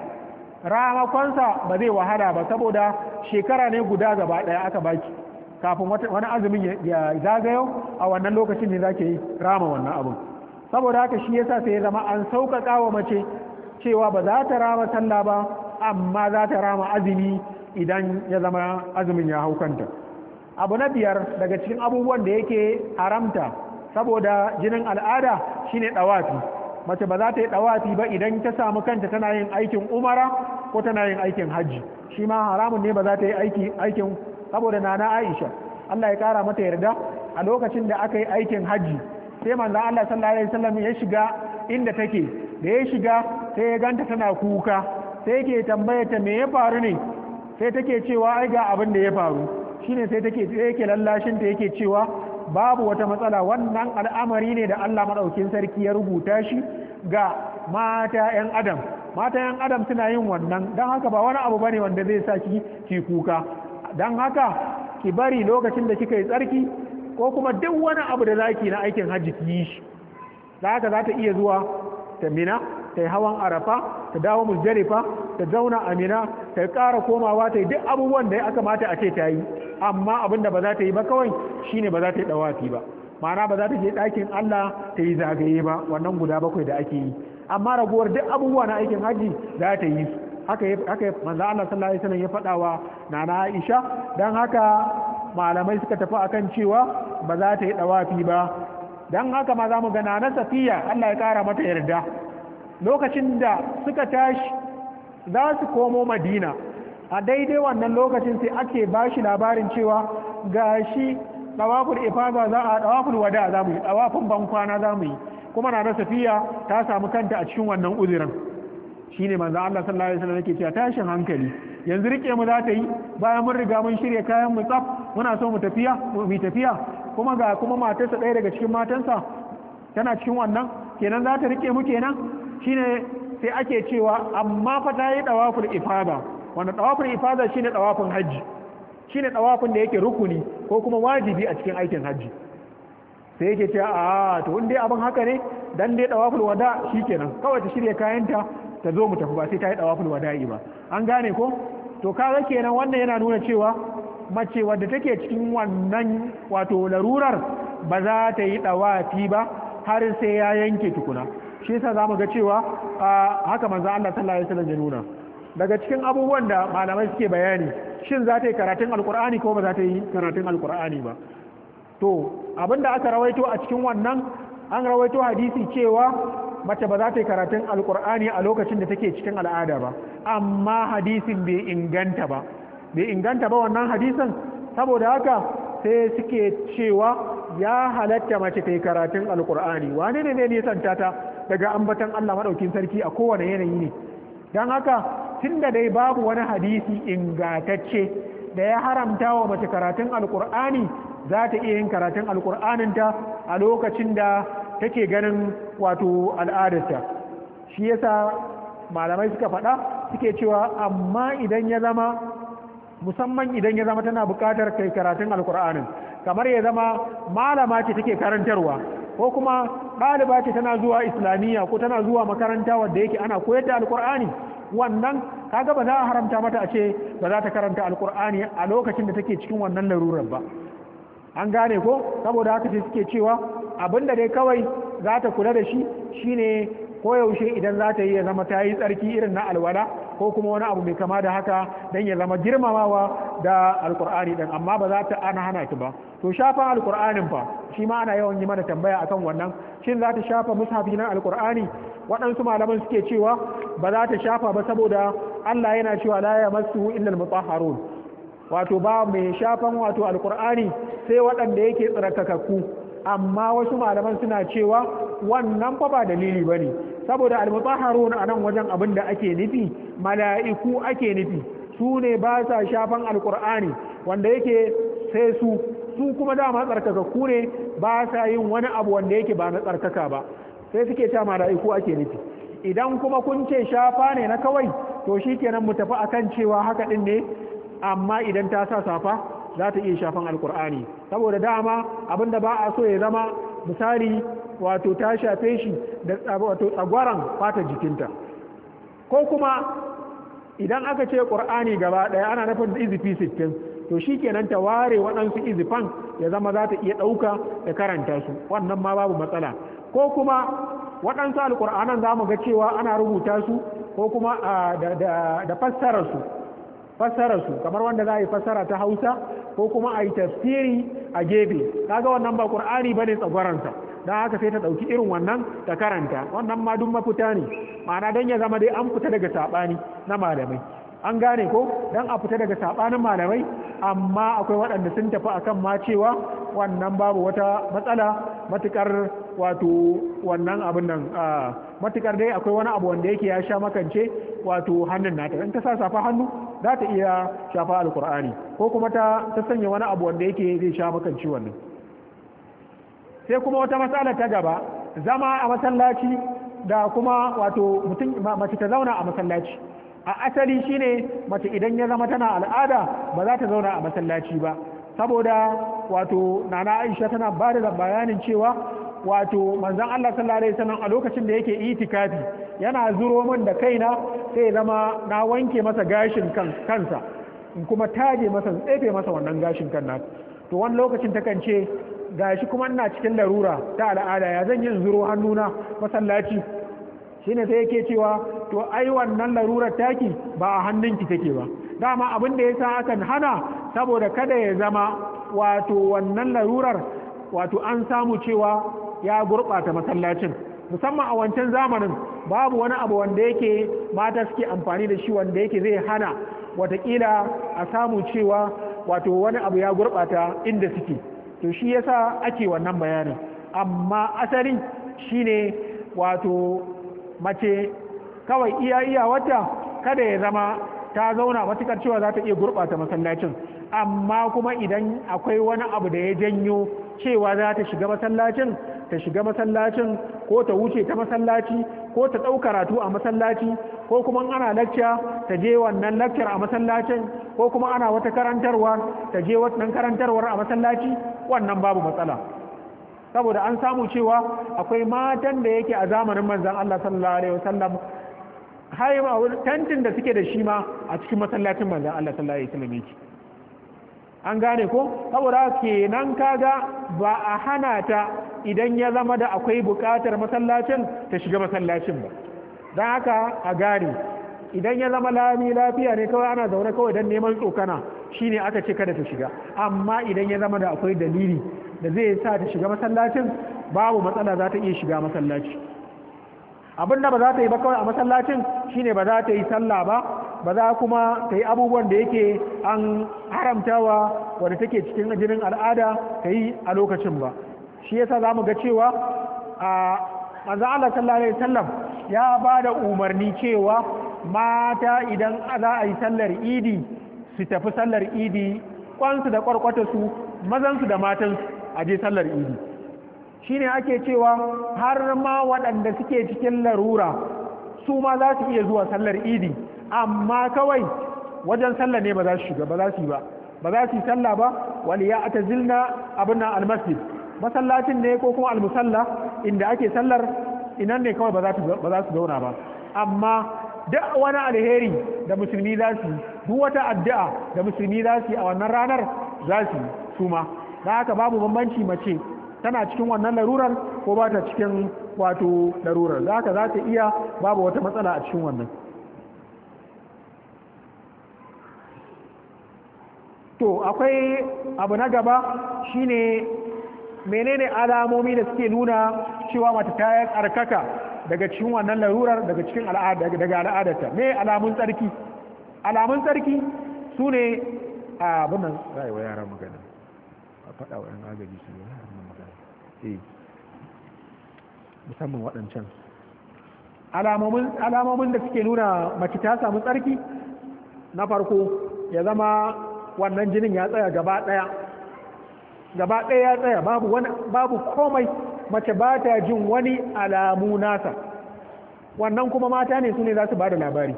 ramakonsa ba zai wahala ba saboda shekara ne guda gaba ɗaya aka baki kafin wani azumin ya zagayo a wannan lokacin ne zake yi rama wannan abin. saboda haka shi yasa sai ya zama an sauƙaƙa wa mace cewa ba za ta rama sallah ba amma za ta rama azumi idan ya zama azumin ya hau abu na biyar daga cikin abubuwan da yake haramta saboda jinin al'ada shine ɗawafi mace ba za ta yi ɗawafi ba idan ta samu kanta tana yin aikin umara ko tana yin aikin hajji shi ma haramun ne ba za ta yi aiki aikin saboda nana Aisha Allah ya kara mata yarda a lokacin da aka yi aikin hajji sai manzo Allah sallallahu alaihi wasallam ya shiga inda take da ya shiga sai ya ganta tana kuka sai yake tambaye ta me ya faru ne sai take cewa ai ga abin da ya faru shine sai take sai yake lallashin ta yake cewa babu wata matsala wannan al'amari ne da Allah maɗaukin sarki ya rubuta shi ga mata 'yan adam mata 'yan adam suna yin wannan don haka ba wani abu bane wanda zai sa ki ki kuka don haka ki bari lokacin da kika yi tsarki ko kuma duk wani abu da zaki na aikin hajji ki yi shi za ta iya zuwa ta mina ta yi hawan arafa ta dawo musdalifa ta zauna amina ta ƙara komawa ta yi duk abubuwan da ya kamata a ce ta yi amma abinda ba za ta yi ba kawai shine ba za ta yi dawafi ba ma'ana ba za ta je ɗakin Allah ta yi zagaye ba wannan guda bakwai da ake yi amma raguwar duk abubuwa na aikin hajji za ta yi haka haka manzo Allah sallallahu alaihi wasallam ya faɗa wa nana Aisha dan haka malamai suka tafi akan cewa ba za ta yi dawafi ba dan haka ma za mu ga nana Safiya Allah ya kara mata yarda lokacin da suka tashi za su komo madina a daidai wannan lokacin sai ake ba shi labarin cewa ga shi ɗawaful za a ɗawaful wada za mu yi ɗawafin bankwana za mu yi kuma na da safiya ta samu kanta a cikin wannan uzirin shi ne manzan Allah sallallahu alaihi wasallam yake cewa tashin hankali yanzu rike mu za ta yi bayan mun riga mun shirya kayan mu tsaf muna so mu tafiya mu tafiya kuma ga kuma matarsa ɗaya daga cikin matansa tana cikin wannan kenan za ta rike mu kenan shine sai ake cewa amma fa ta yi dawaful ifada wanda dawaful ifada shine dawafin hajji shine dawafin da yake rukuni ko kuma wajibi a cikin aikin hajji sai yake cewa a to in abin haka ne dan dai dawaful wada shikenan kawai ta shirya kayanta ta zo mu tafi ba sai ta yi dawaful wada'i ba an gane ko to kaga kenan wannan yana nuna cewa mace wadda take cikin wannan wato larurar ba za ta yi dawafi ba har sai ya yanke tukuna shi yasa mu ga cewa haka manzo Allah sallallahu alaihi wasallam ya nuna daga cikin abubuwan da malamai suke bayani shin za ta yi karatun alkur'ani ko ba za ta yi karatun alkur'ani ba to abinda aka rawaito a cikin wannan an rawaito hadisi cewa mace ba za ta yi karatun alkur'ani a lokacin da take cikin al'ada ba amma hadisin bai inganta ba bai inganta ba wannan hadisin saboda haka sai suke cewa ya halatta mace ta yi karatun alkur'ani wane ne ne nisanta ta daga ambatan Allah maɗaukin sarki a kowane yanayi ne don haka tun da dai babu wani hadisi ingatacce da ya haramta wa mace karatun alkur'ani za ta iya yin karatun alkur'aninta a lokacin da take ganin wato al'adarta shi yasa malamai suka faɗa suke cewa amma idan ya zama musamman idan ya zama tana buƙatar kai karatun alkur'anin kamar ya zama malama ce take karantarwa ko kuma ɗaliba ce tana zuwa islamiyya ko tana zuwa makaranta wadda yake ana koyar da alkur'ani wannan kaga ba za a haramta mata a ce ba za ta karanta alkur'ani a lokacin da take cikin wannan larurar ba an gane ko saboda haka sai suke cewa abin da dai kawai za ta kula da shi shine koyaushe idan za ta yi ya zama ta yi tsarki irin na alwala ko kuma wani abu mai kama da haka don ya zama girmamawa da alkur'ani din amma ba za ta ana hana ki ba to shafa alkur'anin fa shi ma ana yawan yi mana tambaya akan wannan shin za ta shafa mushafi na alkur'ani waɗansu malaman suke cewa ba za ta shafa ba saboda Allah yana cewa la masu illal mutahharun wato ba mai shafan wato alkur'ani sai waɗanda yake tsarkakakku amma wasu malaman suna cewa wannan fa ba dalili bane saboda almutahharun anan wajen abin da ake nufi mala'iku ake nufi su ne ba sa shafan alkur'ani wanda yake sai su su kuma dama ku ne ba sa yin wani abu wanda yake ba na tsarkaka ba sai suke cewa mala'iku ake nufi idan kuma kun ce shafa ne na kawai to shikenan mu tafi akan cewa haka din ne amma idan ta sa safa za ta iya shafan alkur'ani saboda dama abinda ba a so ya zama misali wato ta shafe shi da wato tsagwaran fata jikinta ko kuma idan aka ce ƙur'ani gaba ɗaya ana nufin izifi sittin to shi kenan ta ware waɗansu izifan ya zama za ta iya ɗauka da karanta su wannan ma babu matsala ko kuma waɗansu alƙur'anan za mu ga cewa ana rubuta su ko kuma da fassara su fassara su kamar wanda za a yi fassara ta hausa ko kuma a yi tafsiri a gefe kaga wannan ba ƙur'ani ba ne tsagwaransa da aka sai ta ɗauki irin wannan ta karanta wannan ma duk mafita ne ma'ana don ya zama dai an fita daga saɓani na malamai an gane ko don a fita daga sabanin malamai amma akwai waɗanda sun tafi akan ma cewa wannan babu wata matsala matukar wato wannan abin nan matukar dai akwai wani abu wanda yake ya sha makance wato hannun nata in ta sa safa hannu za ta iya shafa alkur'ani ko kuma ta sanya wani abu wanda yake zai sha makance wannan sai kuma wata matsala ta gaba zama a masallaci da kuma wato mace ta zauna a masallaci a asali shine mace idan ya zama tana al'ada ba za ta zauna a masallaci ba saboda wato nana Aisha tana ba da bayanin cewa wato manzon Allah sallallahu alaihi a lokacin da yake itikafi yana zuro min da kaina sai zama na wanke masa gashin kansa in kuma taje masa tsefe masa wannan gashin kan nasa to wani lokacin ta ce ga shi kuma ina cikin larura ta al'ada ya zan yin zuro hannuna masallaci ne sai yake cewa to ai wannan larurar taki ba a hannunki take ba dama abin da ya yasa akan hana saboda kada ya zama wato wannan larurar wato an samu cewa ya gurɓata masallacin musamman a wancan zamanin babu wani abu wanda yake mata suke amfani da shi wanda yake zai hana watakila a samu cewa wato wani abu ya gurɓata inda suke to shi yasa ake wannan bayanin amma asali shine wato mace kawai iya iya wata kada ya zama ta zauna matukar cewa za ta iya gurɓata masallacin amma kuma idan akwai wani abu da ya janyo cewa za ta shiga masallacin ta shiga masallacin ko ta wuce ta masallaci ko ta ɗau karatu a masallaci ko kuma ana lakca ta je wannan lakcar a masallacin ko kuma ana wata karantarwa ta je wannan karantarwar a masallaci wannan babu matsala saboda an samu cewa akwai matan da yake a zamanin manzon Allah sallallahu alaihi wasallam hayi tantin da suke da shi ma a cikin masallacin manzon Allah sallallahu alaihi wasallam yake an gane ko saboda kenan kaga ba a hana ta idan ya zama da akwai bukatar masallacin ta shiga masallacin ba don haka a gane idan ya zama lami lafiya ne kawai ana zaune kawai don neman tsokana shine aka ce kada ta shiga amma idan ya zama da akwai dalili da zai sa ta shiga masallacin babu matsala za ta iya shiga masallaci abinda ba za ta yi ba kawai a masallacin shine ba za ta yi sallah ba ba za kuma ta yi abubuwan da yake an haramtawa wanda take cikin jinin al'ada ta yi a lokacin ba shi yasa za mu ga cewa a manzo Allah sallallahu alaihi wasallam ya ba da umarni cewa mata idan za a yi sallar idi su tafi sallar idi kwansu da kwarkwata su mazansu da matansu a je sallar idi shine ake cewa har ma waɗanda suke cikin larura su ma za su iya zuwa sallar idi amma kawai wajen sallah ne ba za su shiga ba za su yi ba ba za su yi sallah ba wani ya ata zilna abin almasjid masallacin ne ko kuma almusalla inda ake sallar inan ne kawai ba za su zauna ba amma duk wani alheri da musulmi za su duk wata addu'a da musulmi za su yi a wannan ranar za su yi su ma haka babu bambanci mace tana cikin wannan larurar ko ba ta cikin wato larurar za ka za ta iya babu wata matsala a cikin wannan to akwai abu na gaba shine menene alamomi da suke nuna cewa mata ta tsarkaka daga cikin wannan larurar daga cikin daga al'adarta me alamun tsarki alamun tsarki su ne a bunan rayuwa yaran magana a faɗa wa 'yan agaji su ne Eh. musamman waɗancan alamomin da suke nuna mace ta samu tsarki na farko ya zama wannan jinin ya tsaya gaba ɗaya gaba ɗaya ya tsaya babu komai mace ba ta jin wani alamu nasa wannan kuma mata ne su ne za su ba da labari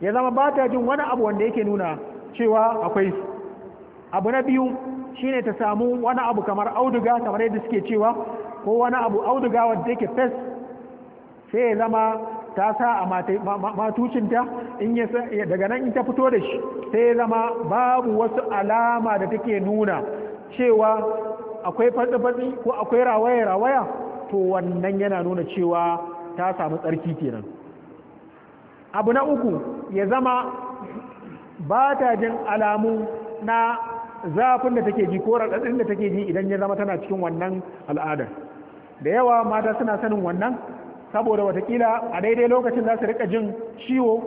ya zama ba ta jin wani abu wanda yake nuna cewa akwai abu na biyu shine ta samu wani abu kamar auduga kamar yadda suke cewa ko wani abu auduga wadda yake fes sai ya zama ta sa a matucinta in daga nan in ta fito da shi sai ya zama babu wasu alama da take nuna cewa akwai fatsi-fatsi ko akwai rawaya-rawaya to wannan yana nuna cewa ta samu tsarki kenan abu na uku ya zama ba ta jin alamu na zafin da take ji ko raɗaɗin da take ji idan ya zama tana cikin wannan al'adar da yawa mata suna sanin wannan saboda watakila a daidai lokacin za su rika jin ciwo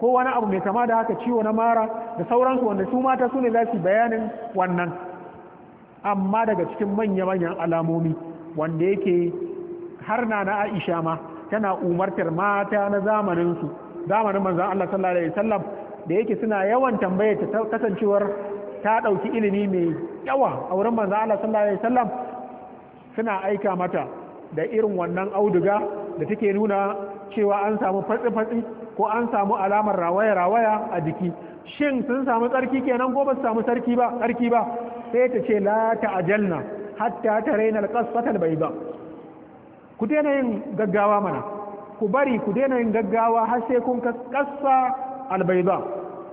ko wani abu mai kama da haka ciwo na mara da sauransu wanda su mata su ne za su bayanin wannan amma daga cikin manya-manyan alamomi wanda yake har na na aisha ma tana umartar mata na zamaninsu zamanin manzan Allah sallallahu alaihi wasallam da yake suna yawan tambayar ta kasancewar ta ɗauki ilimi mai yawa a wurin manzan Allah sallallahu alaihi wasallam suna aika mata da irin wannan auduga da take nuna cewa an samu fatsi-fatsi ko an samu alamar rawaya-rawaya a jiki shin sun samu tsarki kenan ko ba su samu tsarki ba tsarki ba sai ta ce la ajalna hatta ta raina alqasfatal bayda ku daina yin gaggawa mana ku bari ku daina yin gaggawa har sai kun kasa albayda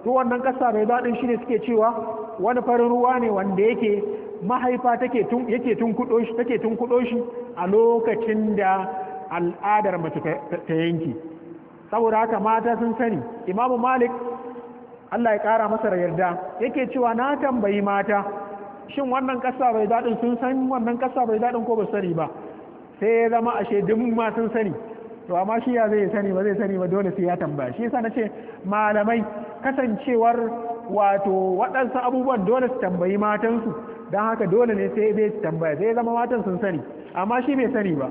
to wannan kasa albaiba din shine suke cewa wani farin ruwa ne wanda yake mahaifa take tun kudo shi take tun kudo shi a lokacin da al'adar mace ta yanki saboda haka mata sun sani imamu malik Allah ya kara masa yarda yake cewa na tambayi mata shin wannan kasa bai dadin sun san wannan kasa bai dadin ko ba sani ba sai ya zama ashe duk ma sun sani to amma shi ya zai sani ba zai sani ba dole sai ya tambaya shi yasa nace malamai kasancewar wato waɗansu abubuwan dole su tambayi matansu don haka dole ne sai zai tambaya sai zama matan sun sani amma shi bai sani ba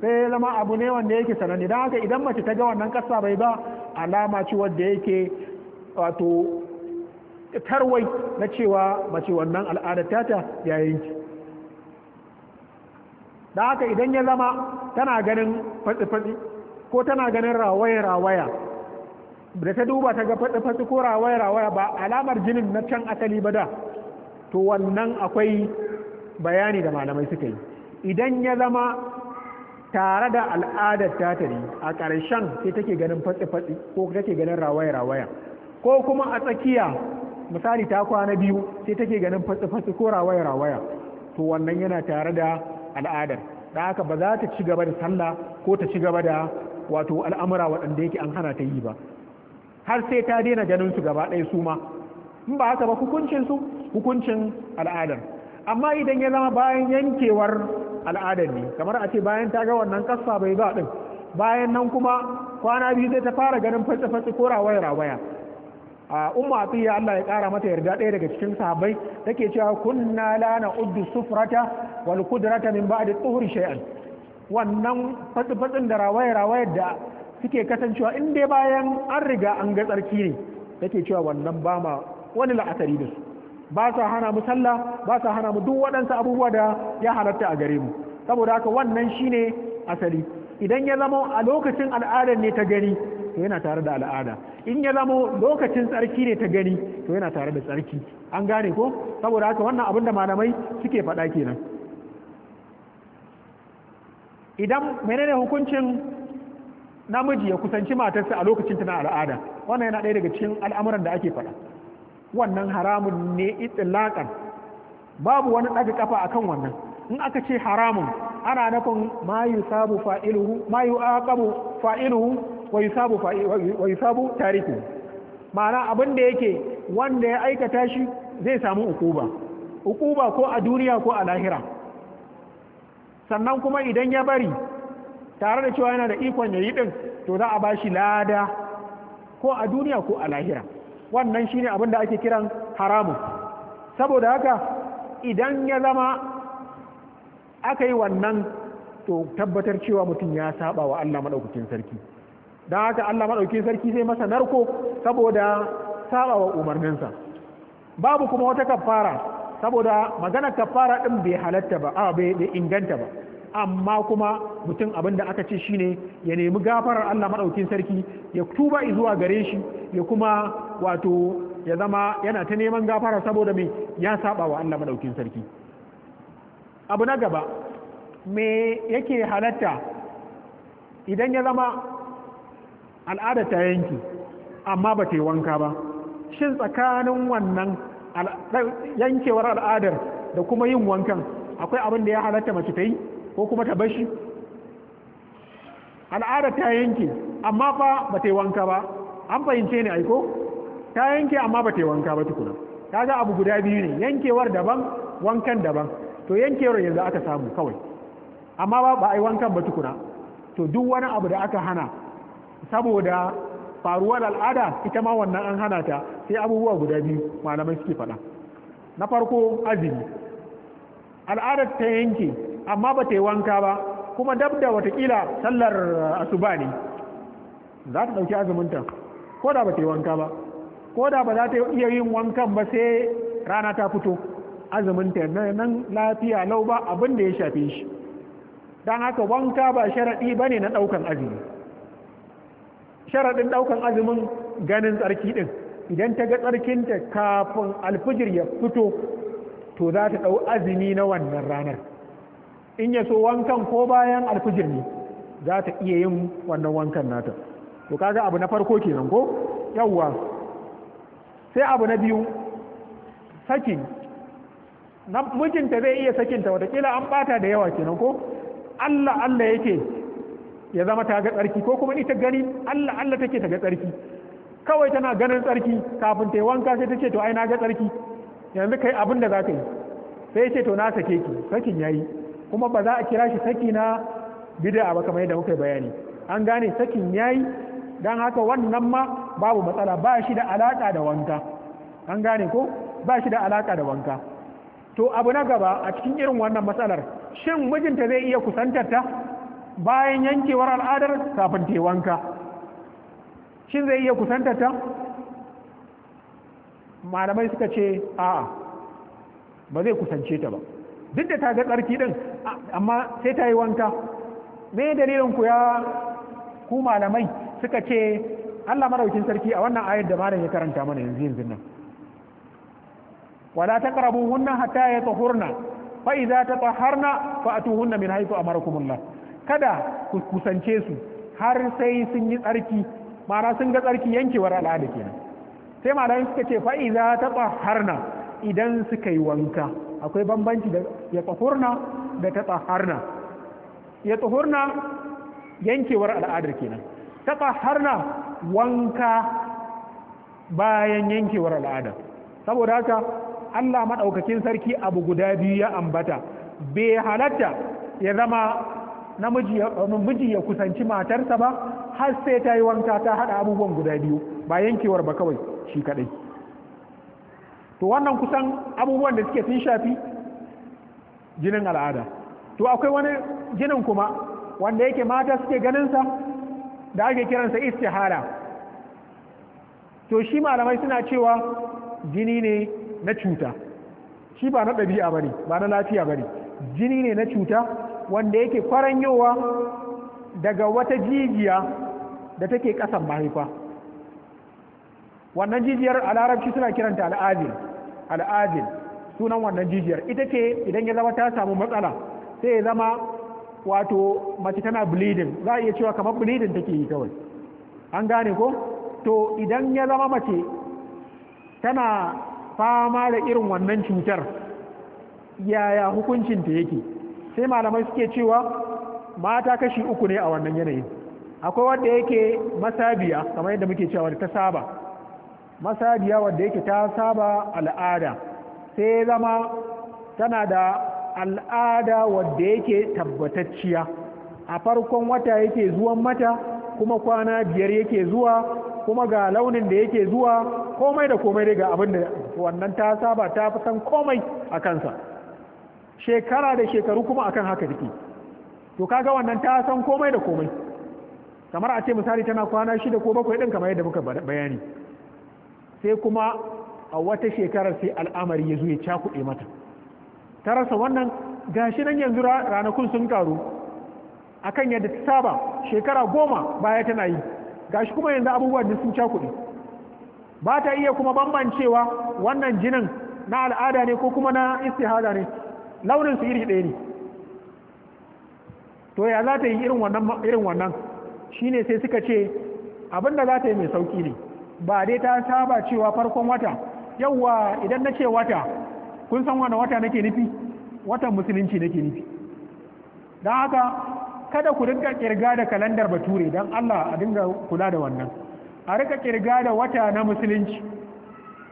sai zama abu ne wanda yake sananne don haka idan mace ta ga wannan ƙasa bai ba alama ce wadda yake wato tarwai na cewa mace wannan al'adar tata yayin ki. Don haka idan ya zama tana ganin fatsi-fatsi ko tana ganin rawaya-rawaya da ta duba ta ga fatsi ko rawaya rawaya ba alamar jinin na can asali ba da to wannan akwai bayani da malamai suka yi idan ya zama tare da al'adar tatari a ƙarshen sai take ganin fatsi-fatsi ko take ganin rawaya-rawaya ko kuma a tsakiya misali ta kwana biyu sai take ganin fatsi-fatsi ko rawaya-rawaya to wannan yana tare da al'adar da haka ba za ta ci gaba da sallah ko ta ci gaba da wato al'amura waɗanda yake an hana ta yi ba har sai ta daina ganin su gaba ɗaya su ma in ba haka ba hukuncin su hukuncin al'adar amma idan ya zama bayan yankewar al'adar ne kamar a ce bayan ta ga wannan kasa bai ba din bayan nan kuma kwana biyu zai ta fara ganin fatsi-fatsi ko rawaya-rawaya a umma atiya Allah ya kara mata yarda ɗaya daga cikin sahabbai take cewa kunna la uddu sufrata wal qudrata min ba'di tuhri shay'an wannan fatsi-fatsin da rawaya rawaya da suke kasancewa in dai bayan an riga an ga tsarki ne take cewa wannan ba ma wani la'akari da su ba sa hana mu sallah ba sa hana mu duk waɗansu abubuwa da ya halatta a gare mu saboda haka wannan shine asali idan ya zama a lokacin al'adar ne ta gani to yana tare da al'ada in ya zama lokacin tsarki ne ta gani to yana tare da tsarki an gane ko saboda haka wannan abin da malamai suke faɗa kenan idan menene hukuncin namiji ya kusanci matarsa a lokacin tana al'ada wannan yana ɗaya daga cikin al'amuran da ake faɗa wannan haramun ne itilakan babu wani ɗaga kafa akan wannan in aka ce haramun ana nufin ma yi fa'iluhu ma fa'iluhu wa yi wa tarihi, ma'ana abin da yake wanda ya aikata shi zai samu ukuba ukuba ko a duniya ko a lahira sannan kuma idan ya bari tare da cewa yana da ikon ya yi ɗin to za a ba shi lada ko a duniya ko a lahira wannan shine abin da ake kiran haramun saboda haka idan ya zama aka yi wannan to tabbatar cewa mutum ya saba wa Allah maɗaukakin sarki don haka Allah maɗaukakin sarki zai masa narko saboda saba wa umarninsa babu kuma wata kafara saboda magana kafara ɗin bai halatta ba a bai inganta ba amma kuma mutum abin da aka ce shi ne ya nemi gafarar Allah maɗaukin sarki ya tuba zuwa gare shi ya kuma wato ya zama yana ta neman gafara saboda mai ya saba wa Allah maɗaukin sarki abu na gaba me yake halatta idan ya zama al'ada ta yanki amma ba ta yi wanka ba shin tsakanin wannan yankewar al'adar da kuma yin wankan akwai abin da ya halatta mace ta yi ko kuma ta bashi al'ada ta yanke amma fa ba ta yi wanka ba an fahimce ne aiko ta yanke amma ba ta yi wanka ba tukuna ta ga abu guda biyu ne yankewar daban wankan daban to yankewar yanzu aka samu kawai amma ba ba a yi wankan ba tukuna to duk wani abu da aka hana saboda faruwar al'ada ita ma wannan an hana ta sai abubuwa guda biyu malamai suke faɗa na farko azumi al'adar ta yanke amma ba ta yi wanka ba kuma dab da watakila sallar uh, asuba ne za ta ɗauki azuminta ko da ba ta yi wanka ba ko da ba za ta iya yin wankan ba sai rana ta fito azuminta nan lafiya lau ba abin da ya shafe shi don haka wanka ba sharaɗi ba ne na ɗaukan azumi sharaɗin ɗaukan azumin ganin tsarki ɗin idan ta ga tsarkinta kafin alfijir ya fito to za ta ɗau azumi na wannan ranar in ya so wankan ko bayan alfijir ne za ta iya yin wannan wankan nata to kaga abu na farko kenan ko yawwa sai abu na biyu sakin na mijinta zai iya sakinta watakila an bata da yawa kenan ko Allah Allah yake ya zama ta ga tsarki ko kuma ita gani Allah Allah take ta ga tsarki kawai tana ganin tsarki kafin ta yi wanka sai ta ce to ai na ga tsarki yanzu kai abin da za ka yi sai ce to na sake ki sakin yayi kuma ba za a kira shi saki na bid'a ba kamar yadda muka bayani an gane sakin yayi dan haka wannan ma babu matsala ba shi da alaka da wanka an gane ko ba shi da alaka da wanka to abu na gaba a cikin irin wannan matsalar shin mijinta zai iya kusantar ta bayan yankewar al'adar kafin ta wanka shin zai iya kusantar ta malamai suka ce a'a ba zai kusance ta ba duk da ta ga tsarki din amma sai ta yi wanka me dalilin ku ya ku malamai suka ce Allah maraukin sarki a wannan ayar da malam ya karanta mana yanzu yanzu nan wala taqrabuhunna hatta yatahurna fa idza tatahharna fa atuhunna min haythu amarakumullah kada ku kusance su har sai sun yi tsarki mara sun ga tsarki yankewar al'ada kenan sai malamai suka ce fa idza tatahharna idan suka yi wanka akwai bambanci da yatahurna da ta tsaharna ya tsaharna yankewar al'adar kenan ta tsaharna wanka bayan yankewar al'ada saboda haka Allah maɗaukakin sarki abu guda biyu ya ambata bai halatta ya zama namiji ya kusanci matarsa ba har sai ta yi wanka ta haɗa abubuwan guda biyu ba yankewar ba kawai shi kaɗai to wannan kusan abubuwan da suke sun shafi jinin al'ada to akwai wani jinin kuma wanda yake mata suke ganinsa da ake kiransa istihara to shi malamai suna cewa jini ne na cuta shi ba na ɗabi'a ba ne ba na lafiya ba ne jini ne na cuta wanda yake kwaranyowa daga wata jijiya da take ƙasan mahaifa wannan jijiyar a larabci suna kiranta al'adil al'adil sunan wannan jijiyar ita ce idan ya zama ta samu matsala sai ya zama wato mace tana bleeding za a iya cewa kamar bleeding take yi kawai an gane ko to idan ya zama mace tana fama da irin wannan cutar yaya hukuncinta yake sai malamai suke cewa mata kashi uku ne a wannan yanayin akwai wanda yake masabiya kamar yadda muke cewa ta saba masabiya wanda yake ta saba al'ada sai zama tana da al'ada wadda yake tabbatacciya a farkon wata yake zuwan mata kuma kwana biyar yake zuwa kuma ga launin da yake zuwa komai da komai daga abin da wannan ta saba ta fi san komai a kansa shekara da shekaru kuma akan haka take to kaga wannan ta san komai da komai kamar a ce misali tana kwana shida ko bakwai din kamar yadda muka bayani sai kuma a wata shekarar sai al'amari ya zo ya cakuɗe mata ta rasa wannan gashi nan yanzu ranakun sun karu akan yadda ta saba shekara goma baya tana yi gashi kuma yanzu abubuwan da sun cakuɗe ba ta iya kuma bambancewa wannan jinin na al'ada ne ko kuma na istihada ne launin su iri ɗaya ne to ya za ta yi irin wannan irin wannan shine sai suka ce abinda da za ta yi mai sauki ne ba dai ta saba cewa farkon wata yawa idan na ce wata kun san wani wata nake nufi watan musulunci nake nufi don haka kada ku rinka kirga da kalandar bature don allah a dinga kula da wannan a rika kirga da wata na musulunci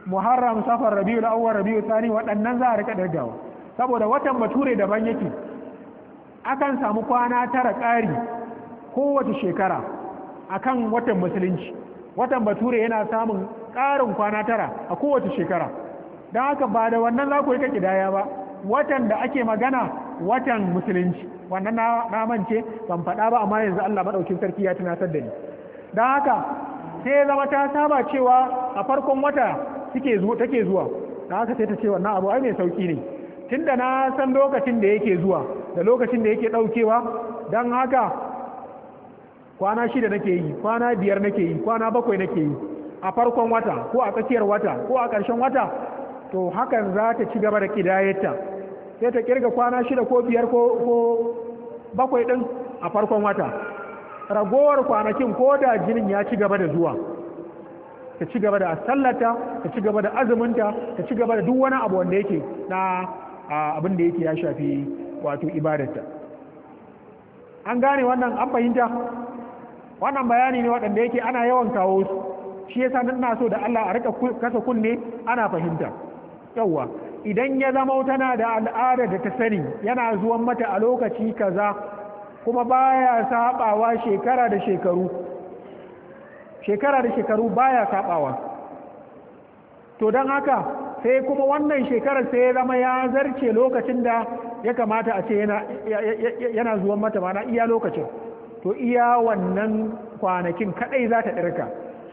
muharram safar rabiu awwal rabiu Sani waɗannan za a rika dargawa saboda watan bature daban yake akan samu kwana tara ƙari kowace shekara akan watan musulunci watan bature yana samun ƙarin kwana tara a kowace shekara don haka ba da wannan za ku yi kake kidaya ba watan da ake magana watan musulunci wannan na mance ban faɗa ba amma yanzu Allah maɗaukin sarki ya tunatar da ni don haka sai zama ta saba cewa a farkon wata take zuwa don haka sai ta ce wannan abu ai mai sauki ne tunda na san lokacin da yake zuwa da lokacin da yake ɗaukewa don haka kwana shida nake yi kwana biyar nake yi kwana bakwai nake yi a farkon wata ko a tsakiyar wata ko a ƙarshen wata to hakan za ta ci gaba da ƙidayarta sai ta ƙirga kwana shida ko biyar ko bakwai ɗin a farkon wata ragowar kwanakin ko da jinin ya ci gaba da zuwa ta ci gaba da sallata ta ci gaba da azuminta ta ci gaba da duk wani abu wanda yake na abin da yake ya shafi wato ibadarta an gane wannan an fahimta wannan bayani ne waɗanda yake ana yawan kawo su shi yasa nan na so da Allah a rika kasa kunne ana fahimta yawa idan ya zama tana da al'ada da ta sani yana zuwan mata a lokaci kaza kuma baya sabawa shekara da shekaru shekara da shekaru baya sabawa to don haka sai kuma wannan shekarar sai ya zama ya zarce lokacin da ya kamata a ce yana zuwan mata mana iya lokacin to iya wannan kwanakin kaɗai za ta ɗirka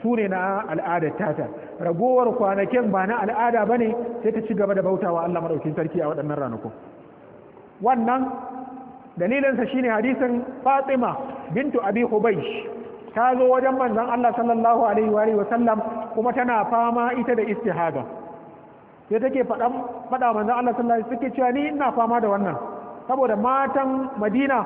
su ne na al'adar tata ragowar kwanakin ba na al'ada ba ne sai ta ci gaba da bautawa Allah maɗaukin sarki a waɗannan ranakun wannan dalilinsa shine hadisin fatima bintu abi hubaish ta zo wajen manzan Allah sallallahu alaihi wa sallam kuma tana fama ita da istihada sai take faɗan faɗa manzan Allah sallallahu alaihi suke cewa ni ina fama da wannan saboda matan Madina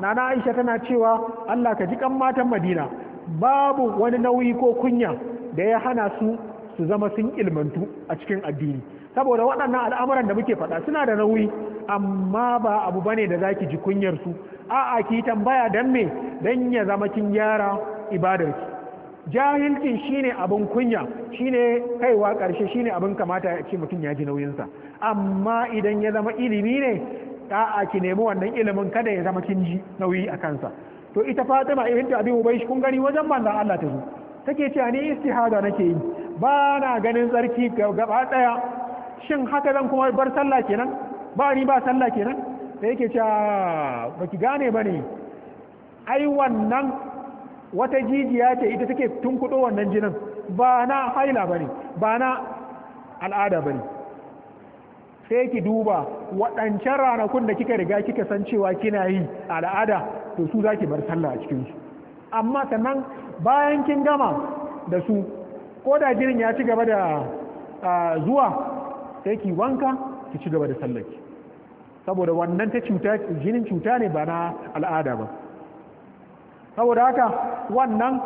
nana Aisha tana cewa Allah ka ji kan matan Madina babu wani nauyi ko kunya da ya hana su su zama sun ilmantu a cikin addini saboda waɗannan al'amuran da muke faɗa suna da nauyi amma ba abu bane da zaki ji kunyar su a'a ki tambaya dan me dan ya zama kin gyara ibadarki jahilcin shine abin kunya shine kaiwa ƙarshe shine abin kamata ya ce mutum ya ji nauyinsa amma idan ya zama ilimi ne a'a ki nemi wannan ilimin kada ya zama kin ji nauyi a kansa to ita fatima eh, ta abi shi kun gani wajen manzon Allah ta zo take cewa ni istihada nake yi ba na ganin tsarki gaba daya shin haka zan kuma bar sallah kenan ba ni ba sallah kenan sai yake cewa baki gane bane ai wannan wata jijiya ce ita take tunkudo wannan jinin ba na haila bane ba na al'ada bane sai ki duba waɗancan ranakun da kika riga kika san cewa kina yi al'ada to su zaki bar sallah a cikin amma sannan bayan kin gama da su ko da jirin ya ci gaba da zuwa sai ki wanka ki ci gaba da sallah saboda wannan ta cuta jinin cuta ne ba na al'ada ba saboda haka wannan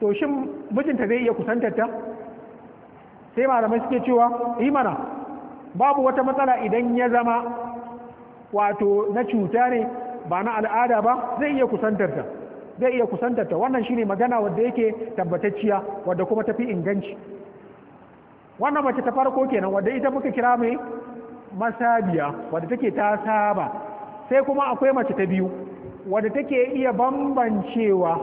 to shin mijinta zai iya kusantar ta sai malamai suke cewa yi mana babu wata matsala idan ya zama wato na cuta ne ba na al'ada ba zai iya kusantarta zai iya ta wannan shine magana wanda yake tabbatacciya wadda kuma tafi inganci wannan mace ta farko kenan wanda ita muka kira mai masabiya wadda take ta saba sai kuma akwai mace ta biyu wadda take iya bambancewa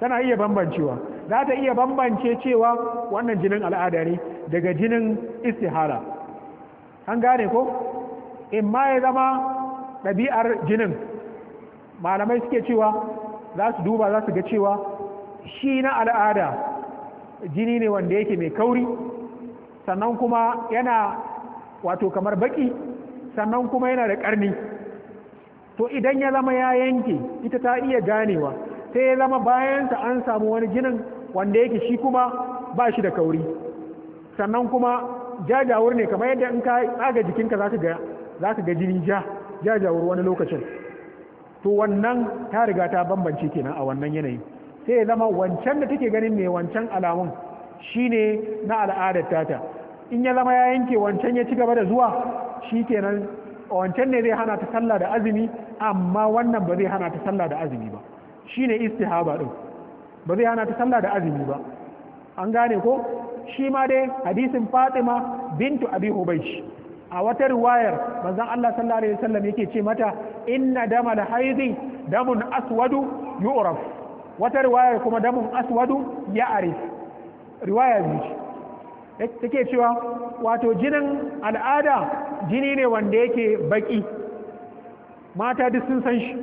tana iya bambancewa za ta iya bambance cewa wannan jinin al'ada ne daga jinin istihara an gane ko in ma ya zama ɗabi'ar jinin malamai suke cewa za su duba za su ga cewa shi na al'ada jini ne wanda yake mai kauri sannan kuma yana wato kamar baki sannan kuma yana da ƙarni to idan ya zama ya yanke ita ta iya ganewa sai ya zama bayansa an samu wani jinin wanda yake shi kuma ba shi da kauri sannan kuma jajawur ne kamar yadda in ka tsaga jikinka za ka ga jini ja jajawar wani lokacin to wannan ta riga ta bambance kenan a wannan yanayi sai ya zama wancan da take ganin mai wancan alamun shine na al'adar tata in ya zama ya yanke wancan ya ci gaba da zuwa shi kenan wancan ne zai hana ta sallah da azumi amma wannan ba zai hana ta sallah da azumi ba shine istihaba din ba zai hana ta sallah da azumi ba an gane ko shi ma dai hadisin fatima bintu abi hubaysh a wata riwayar manzon Allah sallallahu alaihi wasallam yake ce mata inna damal haidi damun aswadu yu'raf wata riwayar kuma damun aswadu ya'rif riwaya ne eh, take cewa wato jinin al'ada jini ne wanda yake baki mata duk sun san shi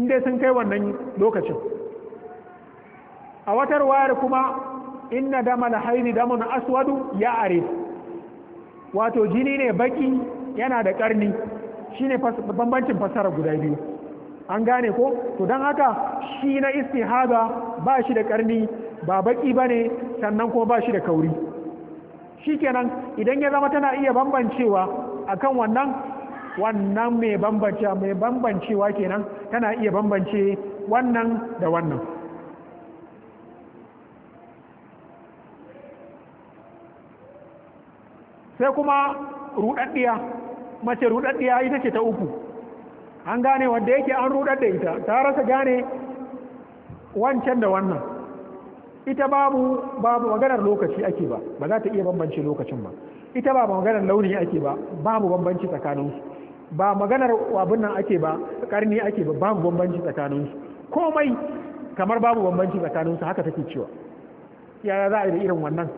inda sun kai wannan lokacin a wata riwayar kuma inna damal haidi damun aswadu ya'rif wato jini ne baki yana da karni shine bambancin fasara guda biyu an gane ko to don haka shi na istihada ba shi da karni ba baki ba ne sannan kuma ba shi da kauri shi kenan idan ya zama tana iya bambancewa a kan wannan wannan mai bambancewa kenan tana iya bambance wannan da wannan sai kuma rudaddiya mace rudaddiya ita ce ta uku an gane wanda yake an rudadda ita ta rasa gane wancan da wannan ita babu babu maganar lokaci ake ba ba za ta iya bambance lokacin ba ita ba maganar launi ake ba babu bambanci tsakaninsu ba maganar abin nan ake ba karni ake ba babu bambanci tsakaninsu komai kamar babu bambanci tsakaninsu haka take cewa yaya za a yi da irin wannan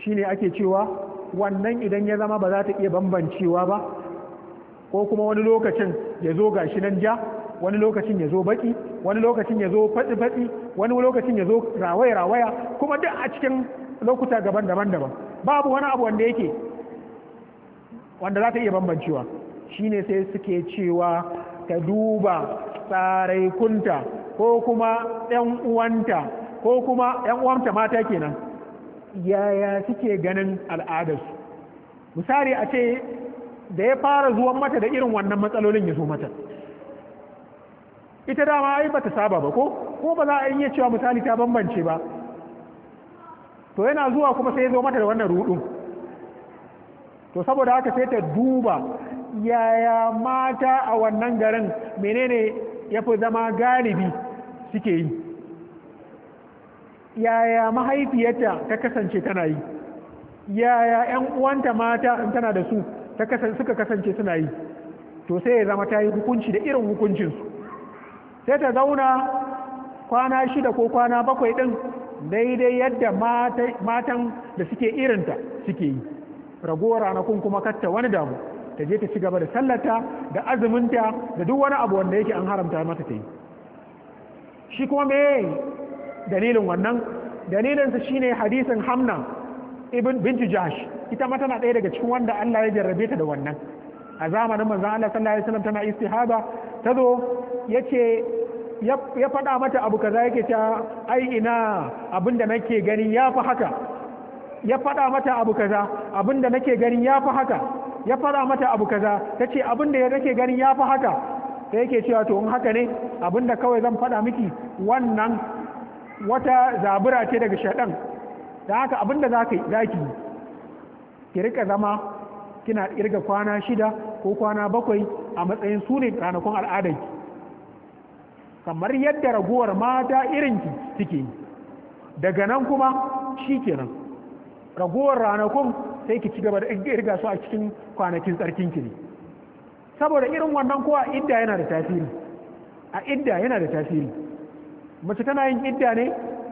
shine ake cewa wannan idan ya zama ba za ta iya bambancewa ba ko kuma wani lokacin ya zo gashi nan ja wani lokacin ya zo baki wani lokacin ya zo faɗi-faɗi wani lokacin ya zo rawaya-rawaya kuma duk a cikin lokuta gaban daban-daban babu wani abu wanda yake wanda za ta iya bambancewa shine sai suke cewa ta duba tsaraikunta ko kuma 'yan uwanta ko kuma 'yan uwanta mata kenan yaya suke ganin al'adarsu misali a ce da ya fara zuwan mata da irin wannan matsalolin ya zo mata ita dama ai ba ta saba ba ko ko ba za a iya cewa misali ta bambance ba to yana zuwa kuma sai ya zo mata da wannan rudun to saboda haka sai ta duba yaya mata a wannan garin menene ya fi zama galibi suke yi yaya mahaifiyarta ta kasance tana yi yaya yan uwanta mata in tana da su suka kasance suna yi to sai ya zama ta yi hukunci da irin hukuncin sai ta zauna kwana shida ko kwana bakwai ɗin, daidai yadda matan da suke irinta suke yi ragowar ranakun kuma katta wani damu ta je ta ci gaba da sallata da azuminta da duk wani abu wanda yake an haramta mata ta yi shi kuma me dalilin wannan dalilinsa shine hadisin hamna ibn bintu jahsh ita ma tana ɗaya daga cikin wanda Allah ya jarrabe ta da wannan a zamanin manzon Allah sallallahu alaihi wasallam tana istihaba ta zo yace ya faɗa mata abu kaza yake ta ai ina abinda nake gani ya fi haka ya faɗa mata abu kaza abinda nake gani ya fi haka ya faɗa mata abu kaza tace abinda ya nake gani ya fi haka da yake cewa to in haka ne abinda kawai zan faɗa miki wannan wata zabura ce daga shaɗan da haka abinda za ka yi ki rika zama kina irga kwana shida ko kwana bakwai a matsayin su ne ranakun al'adarki kamar yadda raguwar mata irinki suke yi daga nan kuma shi kenan raguwar ranakun sai ki ci gaba da irga su a cikin kwanakin tsarkinki ne saboda irin wannan kowa idda yana da tasiri a idda yana da tasiri mace tana yin idda ne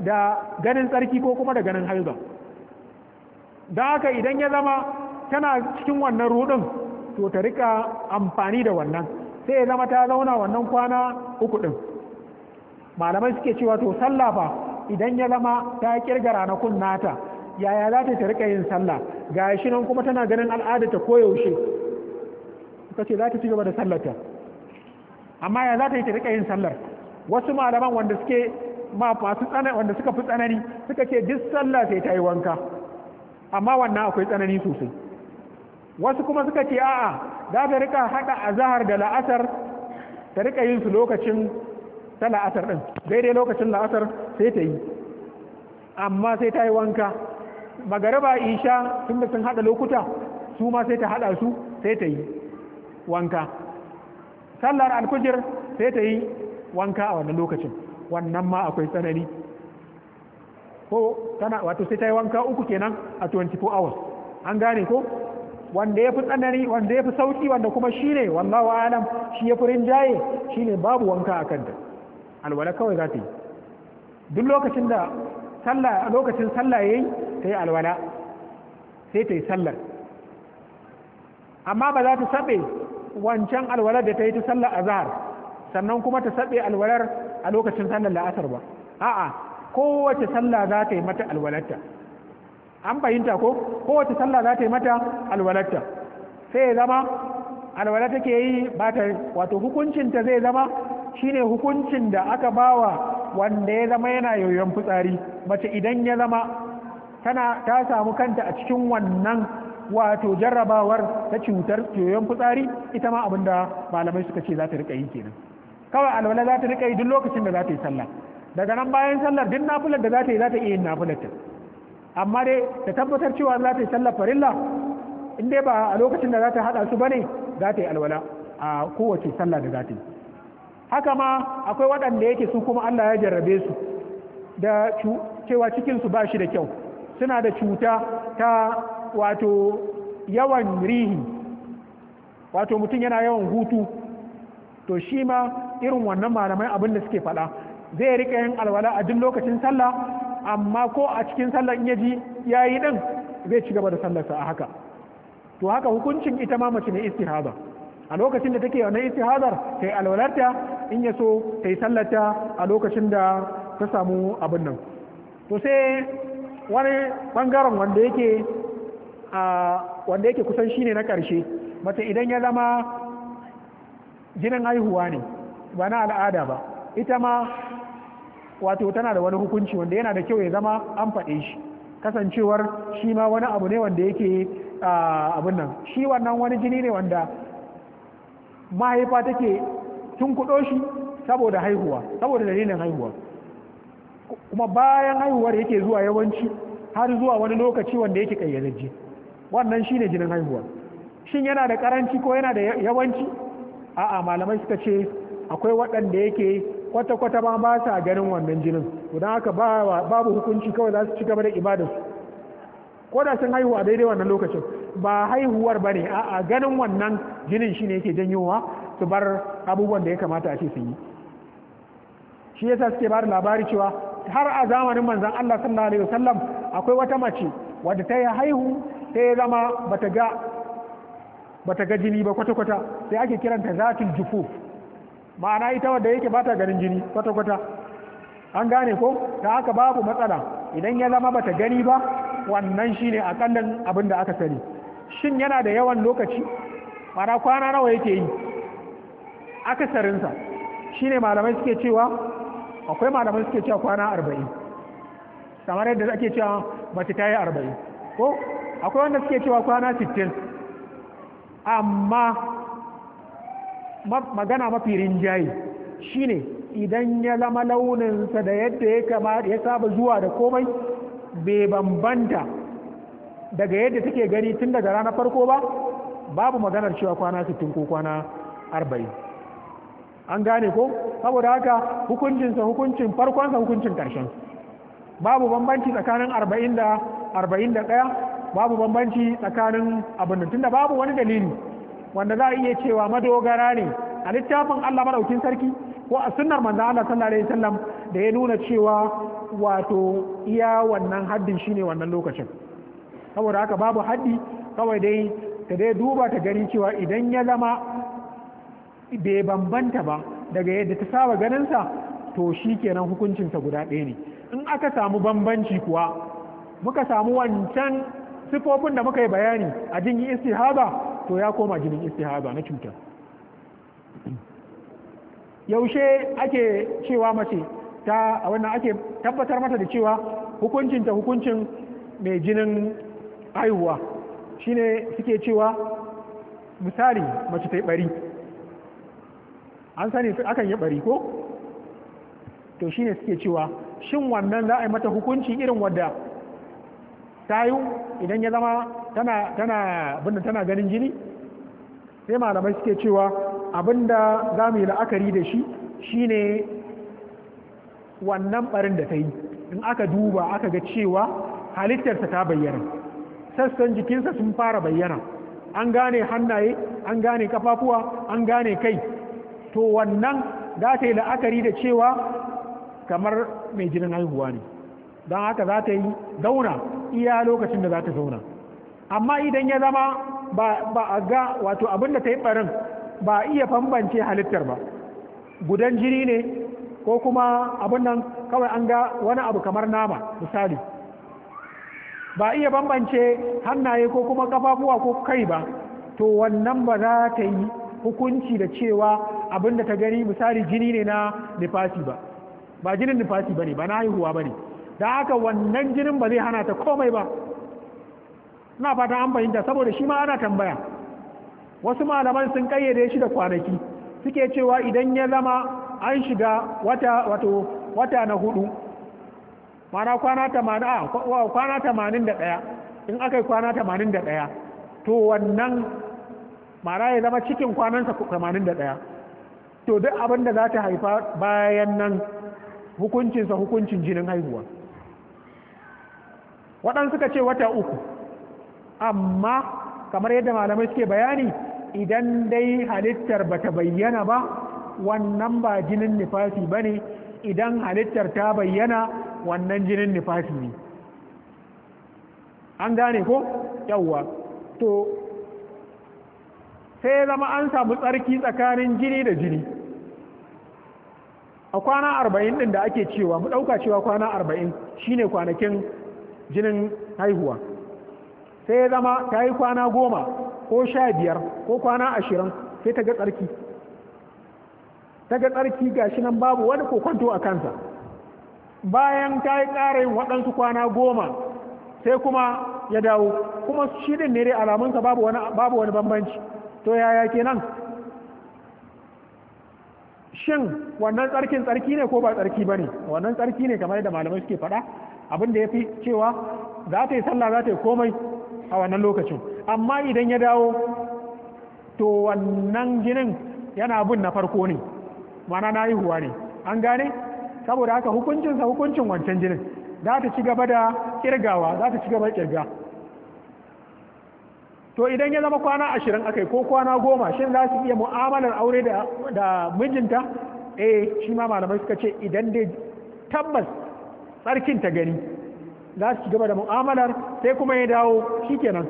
da ganin tsarki ko kuma da ganin haiza don haka idan ya zama tana cikin wannan rudin to ta rika amfani da wannan sai ya zama ta zauna wannan kwana uku din malamai suke cewa to sallah fa idan ya zama ta kirga ranakun nata yaya za ta rika yin sallah ga shi nan kuma tana ganin al'ada ta koyaushe suka ce za ta ci gaba da sallarta amma ya za ta yi ta rika yin sallar wasu malaman wanda suke ma masu wanda suka fi tsanani suka ce duk sallah sai ta yi wanka amma wannan akwai tsanani sosai wasu kuma suka ce a'a za ta rika haɗa azahar da la'asar ta rika yin su lokacin ta la'asar ɗin daidai lokacin la'asar sai ta yi amma sai ta yi wanka magariba isha tun da sun haɗa lokuta su ma sai ta haɗa su sai ta yi wanka sallar alkujir sai ta yi wanka a wannan lokacin wannan ma akwai tsanani ko tana wato sai ta yi wanka uku kenan a 24 hours an gane ko wanda ya fi tsanani wanda ya fi sauki wanda kuma shi ne wallawa alam shi ya fi rinjaye shi ne babu wanka a kanta alwala kawai za ta yi duk lokacin da sallah lokacin sallah yayi ta yi alwala sai ta yi sallar amma ba za ta saɓe wancan alwala da ta yi ta sallar azhar sannan kuma ta saɓe alwalar a lokacin sallar la'asar ba a'a kowace sallah za ta yi mata alwalarta an fahimta ko kowace sallah za ta yi mata alwalarta sai ya zama alwala take yi ba ta wato hukuncinta zai zama shine hukuncin da aka bawa wanda ya zama yana yoyon fitsari mace idan ya zama tana ta samu kanta a cikin wannan wato jarrabawar ta cutar yoyon fitsari ita ma abinda malamai suka ce za ta rika yi kenan kawai alwala za ta rika yi duk lokacin da za ta yi sallah daga nan bayan sallar duk nafilar da za ta yi za ta iya yin nafilar ta amma dai ta tabbatar cewa za ta yi sallar farilla in dai ba a lokacin da za ta haɗa su bane za ta yi alwala a kowace sallah da za ta yi haka ma akwai waɗanda yake su kuma Allah ya jarrabe su da cewa cikin su ba shi da kyau suna da cuta ta wato yawan rihi wato mutum yana yawan hutu to shi ma irin wannan malamai abin da suke faɗa zai rika yin alwala a duk lokacin sallah amma ko a cikin sallah in ya ji ya yi zai ci gaba da sallarsa a haka to haka hukuncin ita ma mace ne istihaza a lokacin da take wannan istihazar sai alwalarta in ya so sai sallarta a lokacin da ta samu abin nan to sai wani bangaren wanda yake a wanda yake kusan shine na karshe mace idan ya zama jinin haihuwa ne ba na al'ada ba ita ma wato tana da wani hukunci wanda yana da kyau ya zama an faɗe shi kasancewar shi ma wani abu ne wanda yake abin nan shi wannan wani jini ne wanda mahaifa take tun kuɗo shi saboda haihuwa saboda dalilin haihuwa kuma bayan haihuwar yake zuwa yawanci har zuwa wani lokaci wanda yake ƙayyadajje wannan shi ne jinin haihuwa shin yana da karanci ko yana da yawanci a'a malamai suka ce akwai waɗanda yake kwata-kwata ma ba sa ganin wannan jinin don haka babu hukunci kawai za su ci gaba da su. ko da sun haihu daidai wannan lokacin ba haihuwar ba ne a ganin wannan jinin shi ne yake janyowa su bar abubuwan da ya kamata a ce su yi shi yasa suke ba da labari cewa har a zamanin manzan Allah sallallahu alaihi wasallam akwai wata mace wadda ta yi haihu ta zama bata ga bata ga jini ba kwata-kwata sai ake kiranta zatin jufu ma'ana ita wadda yake bata ganin jini kwata-kwata an gane ko ta haka babu matsala idan ya zama bata gani ba wannan shi a akallan abin da aka sani shin yana da yawan lokaci ma'ana kwana nawa yake yi akasarinsa shine malamai suke cewa akwai malamai suke cewa kwana arba'in kamar yadda ake cewa mace ta yi arba'in ko akwai wanda suke cewa kwana sittin amma magana mafi rinjaye shi ne idan ya zama launinsa da yadda ya kamata ya saba zuwa da komai bai bambanta daga yadda take gani tun daga rana farko ba babu maganar cewa kwana 60 ko kwana 40 an gane ko saboda haka hukuncinsa hukuncin farkonsa hukuncin karshen babu bambanci tsakanin 40 da 41 babu bambanci tsakanin abin da tunda babu wani dalili wanda za a iya cewa madogara ne a littafin Allah madaukin sarki ko a sunnar manzon Allah sallallahu alaihi wasallam da ya nuna cewa wato iya wannan haddin shine wannan lokacin saboda haka babu haddi kawai dai ta dai duba ta gani cewa idan ya zama bai bambanta ba daga yadda ta saba ganinsa to shi kenan hukuncinsa guda ɗaya ne in aka samu bambanci kuwa muka samu wancan sifofin da muka yi bayani a jinin istihaba to ya koma jinin istihaba na cuta yaushe ake cewa mace ta a wannan ake tabbatar mata da cewa hukuncin ta hukuncin mai jinin haihuwa shine suke cewa misali mace ta yi bari an sani akan yi bari ko to shine suke cewa shin wannan za a yi mata hukunci irin wadda Ta tayu idan ya zama tana tana ganin jini sai malamai suke cewa abinda za mu yi la'akari da shi shine wannan barin da ta yi in aka duba aka ga cewa halittarsa ta bayyana sassan jikinsa sun fara bayyana an gane hannaye an gane kafafuwa an gane kai to wannan za ta yi la'akari da cewa kamar mai jinin haihuwa ne don haka za ta yi zauna iya lokacin da za ta zauna amma idan ya zama ba a ga wato abin da ta yi barin ba iya bambance halittar ba gudan jini ne ko kuma abin nan kawai an ga wani abu kamar nama misali ba iya bambance hannaye ko kuma kafafuwa ko kai ba to wannan ba za ta yi hukunci da cewa abin da ta gani misali jini ne na nifasi ba ba jinin nifasi ba ne ba na haihuwa ba ne da haka wannan jinin ba zai hana ta komai ba na fata an fahimta saboda shi ma ana tambaya wasu malaman sun kayyade shi da kwanaki suke cewa idan ya zama an shiga wata wato wata na hudu mana kwana tamanin kwana tamanin da ɗaya in aka yi kwana tamanin da ɗaya to wannan mana ya zama cikin kwanansa tamanin da ɗaya to duk abin da za ta haifa bayan nan hukuncinsa hukuncin jinin haihuwa waɗansu suka ce wata uku amma kamar yadda malamai suke bayani idan dai halittar bata bayyana ba wannan ba jinin nifasi ba ne idan halittar ta bayyana wannan jinin nifasi ne an gane ko yawwa to sai zama an samu tsarki tsakanin jini da jini a kwana arba'in ɗin da ake cewa mu ɗauka cewa kwana arba'in shine kwanakin jinin haihuwa sai ya zama ta yi kwana goma ko sha biyar ko kwana ashirin sai ta ga tsarki ta ga tsarki ga shi nan babu wani kokonto a kansa bayan ta yi yin waɗansu kwana goma sai kuma ya dawo kuma shirin ne dai alamunsa babu wani bambanci to yaya kenan shin wannan tsarkin tsarki ne ko ba tsarki ba ne wannan tsarki ne kamar yadda malamai suke faɗa abin da ya fi cewa za ta yi sallah za ta yi komai a wannan lokacin amma idan ya dawo to wannan jinin yana bin na farko ne mana na yi huwa ne an gane saboda haka hukuncinsa hukuncin wancan jinin za ta ci gaba da kirgawa za ta ci gaba da kirga to idan ya zama kwana ashirin akai ko kwana goma shin za su iya mu'amalar aure da mijinta eh shi ma malamai suka ce idan dai tabbas tsarkin ta gani za su gaba da mu'amalar sai kuma ya dawo shikenan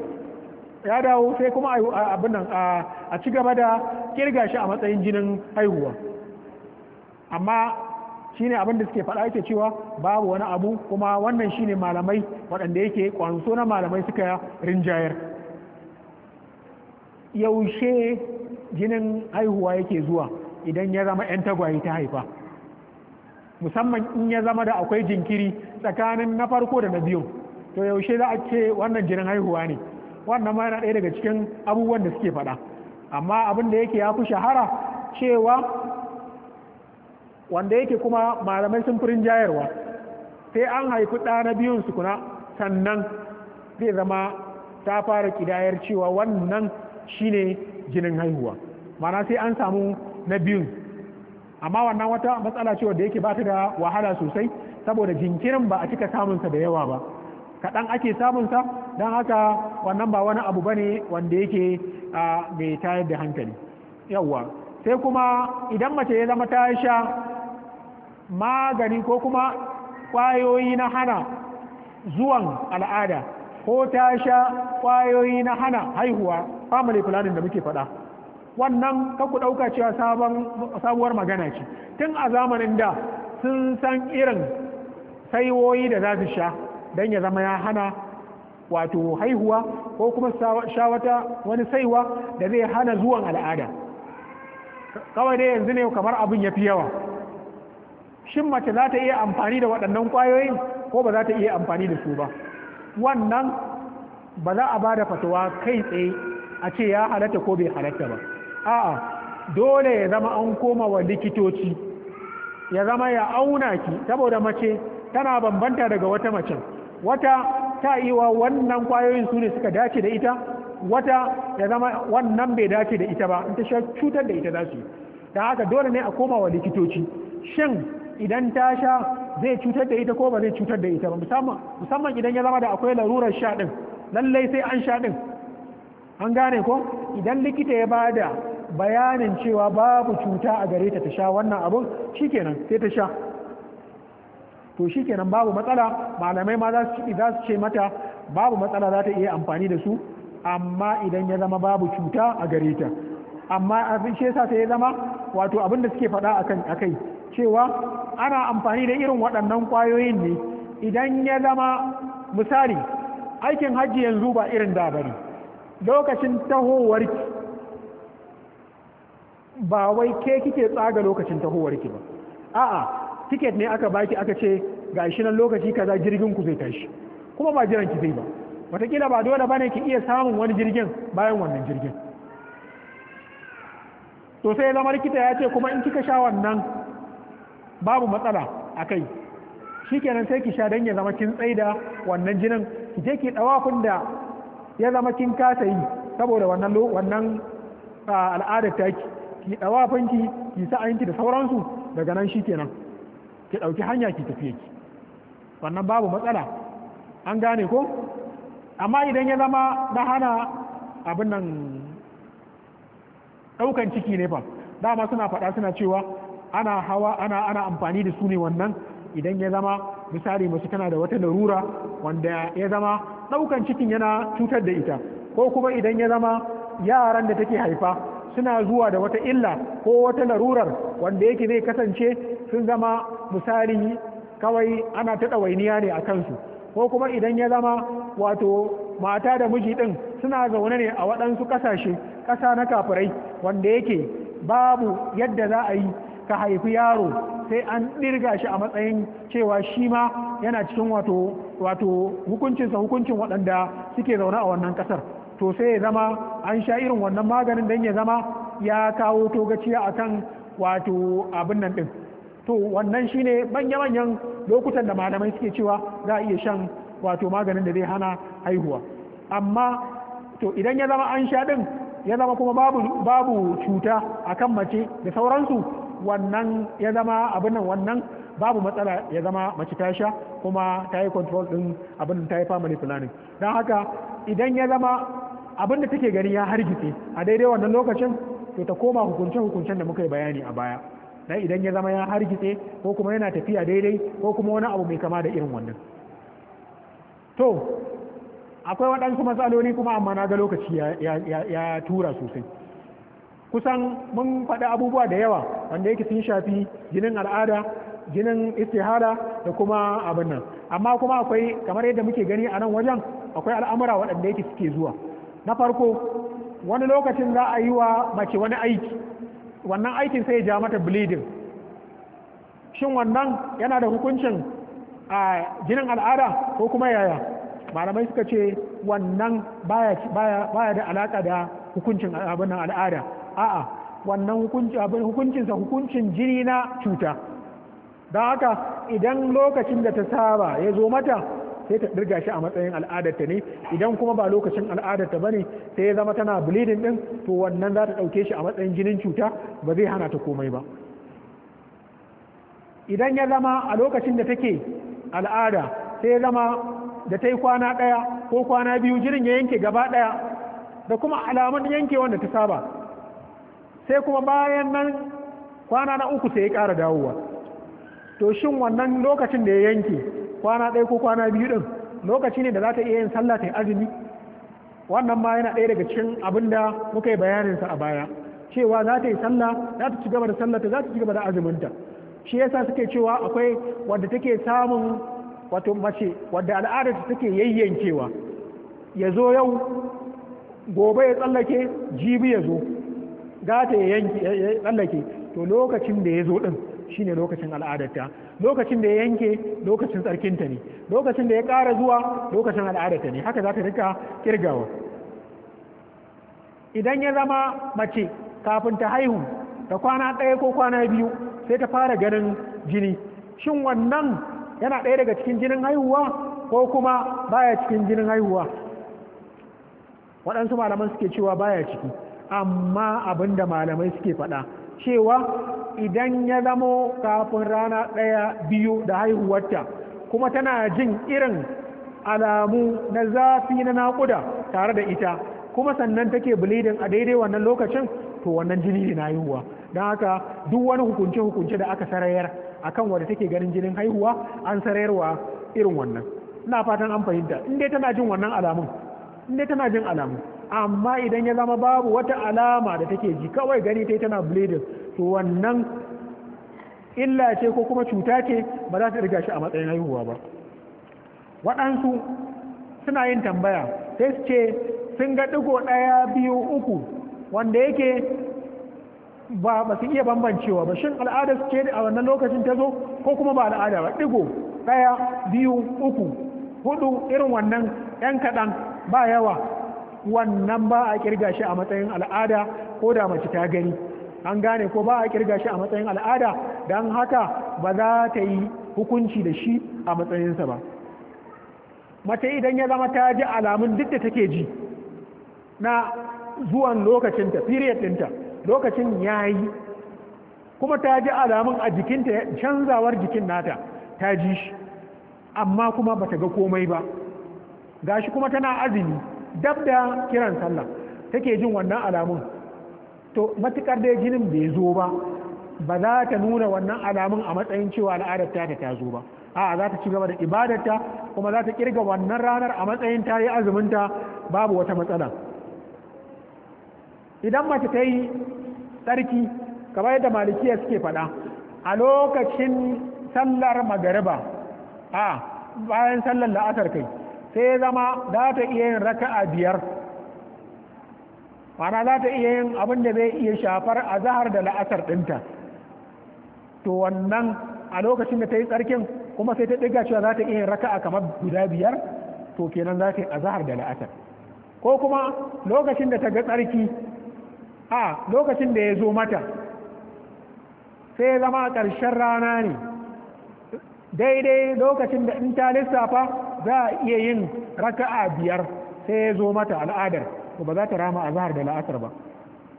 ya dawo sai kuma abin a ci gaba da kirga shi a matsayin jinin haihuwa amma shine abin da suke faɗa yake cewa babu wani abu kuma wannan shine malamai waɗanda yake kwanso na malamai suka rinjayar yaushe jinin haihuwa yake zuwa idan ya zama 'yan tagwaye ta haifa musamman in ya zama da akwai jinkiri tsakanin na farko da na biyu to yaushe za a ce wannan jinin haihuwa ne wannan ma yana ɗaya daga cikin abubuwan da suke faɗa amma abin da yake ya fi shahara cewa wanda yake kuma malamai sun furin jayarwa sai an haifi ɗa na biyun su kuna sannan zai zama ta fara kidayar cewa wannan shine jinin haihuwa mana sai an samu na biyun amma wannan wata matsala ce wanda yake bata da wahala sosai saboda jinkirin ba a cika samun sa da yawa ba kaɗan ake sa dan haka wannan ba wani abu bane wanda yake mai tayar da hankali yawwa sai kuma idan mace ya zama ta sha magani ko kuma kwayoyi na hana zuwan al'ada ko ta sha kwayoyi na hana haihuwa family planning da muke faɗa wannan ka ku ɗauka cewa sabuwar magana ce tun a zamanin da sun san irin saiwoyi da za su sha don ya zama ya hana wato haihuwa ko kuma sha wata wani saiwa da zai hana zuwan al'ada kawai dai yanzu ne kamar abin ya fi yawa shin mace za ta iya amfani da waɗannan ƙwayoyin ko ba za ta iya amfani da su ba wannan ba za a ba da fatawa kai tsaye a ce ya halatta ko bai halatta ba a'a dole ya zama an koma wa likitoci ya zama ya auna ki saboda mace tana bambanta daga wata macen wata ta wa wannan kwayoyin su ne suka dace da ita wata ya zama wannan bai dace da ita ba in ta sha cutar da ita za su ta haka dole ne a koma wa likitoci shin idan ta sha zai cutar da ita ko ba zai cutar da ita ba musamman idan ya zama da akwai larurar sha din lallai sai an sha din an gane ko idan likita ya bada bayanin cewa babu cuta a gare ta ta sha wannan abun shikenan sai ta sha to shikenan babu matsala malamai ma za su ce mata babu matsala za ta iya amfani da su amma idan ya zama babu cuta a gare ta amma abin shi yasa sai ya zama wato abin da suke faɗa akan akai cewa ana amfani da irin waɗannan kwayoyin ne idan ya zama misali aikin hajji yanzu ba irin da bane lokacin tahowarki ba wai ke kike tsaga lokacin tahowarki ba a'a tiket ne aka baki aka ce ga shi nan lokaci kaza jirgin ku zai tashi kuma ba jiran ki zai ba kila ba dole bane ki iya samun wani jirgin bayan wannan jirgin to sai zama likita ya ce kuma in kika sha wannan babu matsala a kai shikenan sai ki sha dan ya zama kin tsaida wannan jinin ki je ki kun da ya zama kin kasa yi saboda wannan wannan ah, al'adar taki ki fanki ki sa'ayinki da sauransu daga nan kenan ki ɗauki hanya ki tafiye ki wannan babu matsala an gane ko amma idan ya zama na hana abin nan daukan ciki ne fa dama suna faɗa suna cewa ana hawa ana ana amfani da su ne wannan idan ya zama misali masu tana da wata larura wanda ya zama ɗaukan cikin yana cutar da ita ko kuma idan ya zama yaran da take haifa suna zuwa da wata illa ko wata larurar wanda yake zai kasance sun zama misali kawai ana ta ɗawainiya ne a kansu ko kuma idan ya zama wato mata da miji ɗin suna zaune ne a waɗansu ƙasashe ƙasa na kafirai wanda yake babu yadda za a yi ka haifi yaro sai an ɗirga shi a matsayin cewa shi ma yana cikin wato wato hukuncinsa hukuncin waɗanda suke zaune a wannan ƙasar to sai ya zama an sha irin wannan maganin don ya zama ya kawo togaciya akan wato abin nan din to wannan shi ne manya-manyan lokutan da malamai suke cewa za a iya shan wato maganin da zai hana haihuwa amma to idan ya zama an sha ɗin ya zama kuma babu babu cuta akan mace da sauransu wannan ya zama abin nan wannan babu matsala ya zama mace ta sha kuma ta yi control din abin ta yi family planning don haka idan ya zama abin da take gani ya hargitse a daidai wannan lokacin to ta koma hukunce hukuncen da muka yi bayani a baya dan idan ya zama ya hargitse ko kuma yana tafiya daidai ko kuma wani abu mai kama da irin wannan to akwai waɗansu matsaloli kuma amma na ga lokaci ya tura sosai kusan mun faɗi abubuwa da yawa wanda yake sun shafi jinin al'ada jinin istihara da kuma abin nan amma kuma akwai kamar yadda muke gani a nan wajen akwai al'amura waɗanda yake suke zuwa na farko wani lokacin za a yi wa mace wani aiki wannan aikin sai ya ja mata bleeding shin wannan yana da hukuncin a jinin al'ada ko kuma yaya malamai suka ce wannan baya da alaka da hukuncin abin al'ada a'a wannan hukuncinsa hukuncin jini na cuta don haka idan lokacin da ta saba ya zo mata sai ta dirga shi a matsayin al'adarta ne idan kuma ba lokacin al'adarta bane sai ya zama tana bleeding din to wannan za ta dauke shi a matsayin jinin cuta ba zai hana ta komai ba idan ya zama a lokacin da take al'ada sai ya zama da ta yi kwana ɗaya ko kwana biyu jirin ya yanke gaba ɗaya da kuma alamun yanke wanda ta saba sai kuma bayan nan kwana na uku sai ya kara dawowa to shin wannan lokacin da ya yanke kwana ɗaya ko kwana biyu ɗin lokaci ne da za ta iya yin sallah ta azumi wannan ma yana ɗaya daga cikin abin da muka yi bayanin sa a baya cewa za ta yi sallah za ta ci gaba da sallah ta za ta ci gaba da azuminta shi yasa suke cewa akwai wadda take samun wato mace wadda al'adarta take yayyankewa ya zo yau gobe ya tsallake jibi ya zo gata ya tsallake to lokacin da ya zo ɗin shine lokacin al'adarta lokacin da ya yanke lokacin tsarkinta ne lokacin da ya ƙara zuwa lokacin al'adarta ne haka za ta rika kirgawa idan ya zama mace kafin ta haihu da kwana ɗaya ko kwana biyu sai ta fara ganin jini shin wannan yana ɗaya daga cikin jinin haihuwa ko kuma baya cikin jinin haihuwa waɗansu malaman suke cewa baya ciki amma abinda malamai suke faɗa cewa idan ya zamo kafin rana ɗaya biyu da haihuwarta kuma tana jin irin alamu na zafi na naƙuda tare da ita kuma sannan take bilidin a daidai wannan lokacin to wannan jini ne na haihuwa don haka duk wani hukunce-hukunce da aka sarayar akan wadda take ganin jinin haihuwa an sarayarwa irin wannan ina fatan an fahimta in dai tana jin wannan alamun in dai tana jin alamun amma idan ya zama babu wata alama da take ji kawai gani ta tana bleeding to wannan illa ce ko kuma cuta ce ba za ta riga shi a matsayin haihuwa ba waɗansu suna yin tambaya sai su ce sun ga ɗigo ɗaya biyu uku wanda yake ba ba su iya bambancewa ba shin al'adar ce a wannan lokacin ta zo ko kuma ba al'ada ba ɗigo ɗaya biyu uku hudu irin wannan yan kaɗan ba yawa wannan ba a kirga shi a matsayin al'ada ko da mace ta gani an gane ko ba a kirga shi a matsayin al'ada don haka ba za ta yi hukunci da shi a matsayinsa ba mace idan ya zama ta ji alamun duk da take ji na zuwan lokacinta period ɗinta lokacin ya yi kuma ta ji alamun a jikinta canzawar jikin nata ta ji shi amma kuma ba ta ga komai ba gashi kuma tana azumi dab da kiran sallah take jin wannan alamun to matukar dai jinin bai zo ba ba za ta nuna wannan alamun a matsayin cewa al'adar ta ta zo ba a za ta ci gaba da ibadarta kuma za ta kirga wannan ranar a matsayin ta yi azuminta babu wata matsala idan mace ta yi tsarki kamar yadda malikiya suke faɗa a lokacin sallar magariba a bayan sallar la'asar kai sai zama za ta iya yin raka'a biyar mana za ta iya yin abin da zai iya shafar a zahar da la'asar ɗinta to wannan a lokacin da ta yi tsarkin kuma sai ta ɗiga cewa za ta iya yin raka'a kamar guda biyar to kenan za ta yi a zahar da la'asar ko kuma lokacin da ta ga tsarki a lokacin da ya zo mata sai ya zama ƙarshen rana ne daidai lokacin da in ta lissafa za a iya yin raka'a biyar sai ya zo mata al'adar ba za ta rama azahar da la'asar ba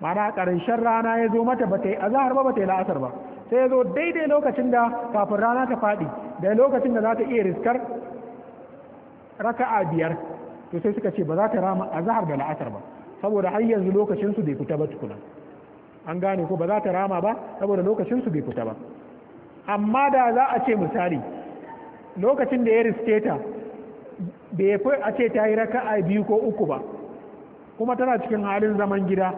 mana karshen rana ya zo mata ba ta yi azahar ba ba ta yi la'asar ba sai ya zo daidai lokacin da kafin rana ta faɗi da lokacin da za ta iya riskar raka'a biyar to sai suka ce ba za ta rama azahar da la'asar ba saboda har yanzu lokacin su bai fita ba tukuna an gane ko ba za ta rama ba saboda lokacin su bai fita ba amma da za a ce misali lokacin da ya riske ta bai fi a ce ta yi a biyu ko uku ba kuma tana cikin halin zaman gida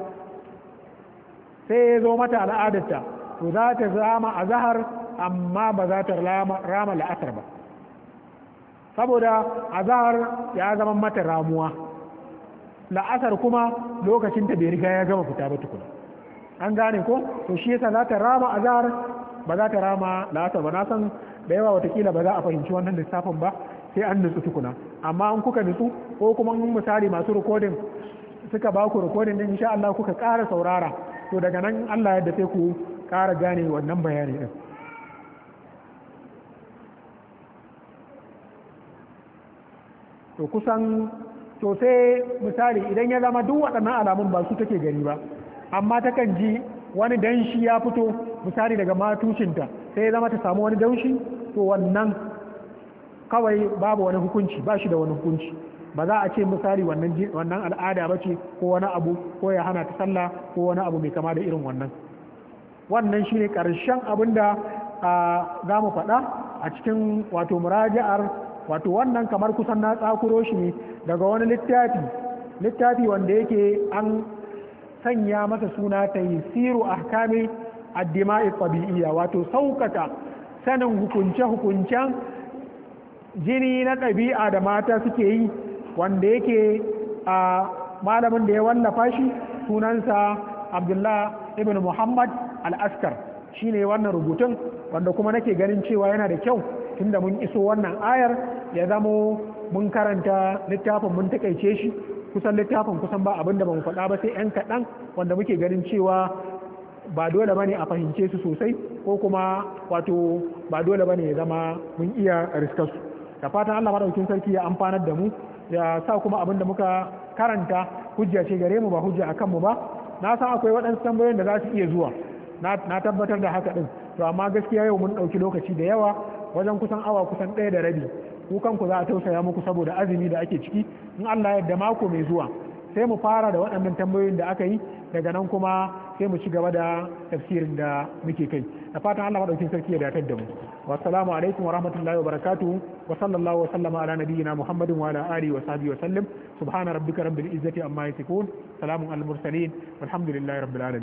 sai ya zo mata al'adarta to za ta zama a zahar amma ba za ta rama la'asar ba saboda a zahar ya zama mata ramuwa la'asar kuma lokacinta bai riga ya gama fita ba tukuna an gane ko to shi yasa za ta rama a zahar ba za ta rama la'asar ba na san da yawa watakila ba za a fahimci wannan lissafin ba sai an nutsu tukuna amma an kuka nutsu ko kuma misali masu rikodin suka ba ku rikodin din insha Allah kuka ƙara saurara to daga nan Allah ya sai ku ƙara gane wannan bayani din to kusan to sai misali idan ya zama duk waɗannan alamun ba su take gari ba amma ta kan ji wani danshi ya fito misali daga matushinta sai ya zama ta samu wani danshi to wannan kawai babu wani hukunci ba shi da wani hukunci ba za a ce misali wannan al'ada ba ce ko wani abu ko ya hana ta sallah ko wani abu mai kama da irin wannan wannan shi ne ƙarshen abin da za mu faɗa a cikin wato muraja'ar wato wannan kamar kusan na tsakuro shi ne daga wani littafi littafi wanda yake an sanya masa suna ta yi siru ahkami addima'i wato sauƙaƙa sanin hukunce-hukuncen jini na ɗabi'a da mata suke yi wanda yake a malamin da ya wallafa shi sunansa abdullah ibn muhammad al-askar ne wannan rubutun wanda kuma nake ganin cewa yana da kyau tunda mun iso wannan ayar ya zamo mun karanta littafin mun takaice shi kusan littafin kusan ba abin da ban faɗa ba sai 'yan kaɗan wanda muke ganin cewa ba dole ba ne a fahimce su sosai ko kuma wato ba dole ba ne ya zama mun iya riskarsu da fatan Allah maɗaukin sarki ya amfanar da mu ya sa kuma abin da muka karanta hujja ce gare mu ba hujja akan mu ba na san akwai waɗansu tambayoyin da za su iya zuwa na tabbatar da haka ɗin to amma gaskiya yau mun ɗauki lokaci da yawa wajen kusan awa kusan ɗaya da rabi ku kanku za a tausaya muku saboda azumi da ake ciki in Allah yadda mako mai zuwa sai mu fara da waɗannan tambayoyin da aka yi daga nan kuma sai mu ci gaba da tafsirin da muke kai da fatan Allah madaukin sarki ya da mu wa assalamu alaikum wa rahmatullahi wa barakatuhu wa sallallahu wa sallama ala nabiyyina muhammadin wa ala alihi wa sahbihi wa sallam subhana rabbika rabbil izzati amma yasifun salamun al mursalin walhamdulillahi rabbil alamin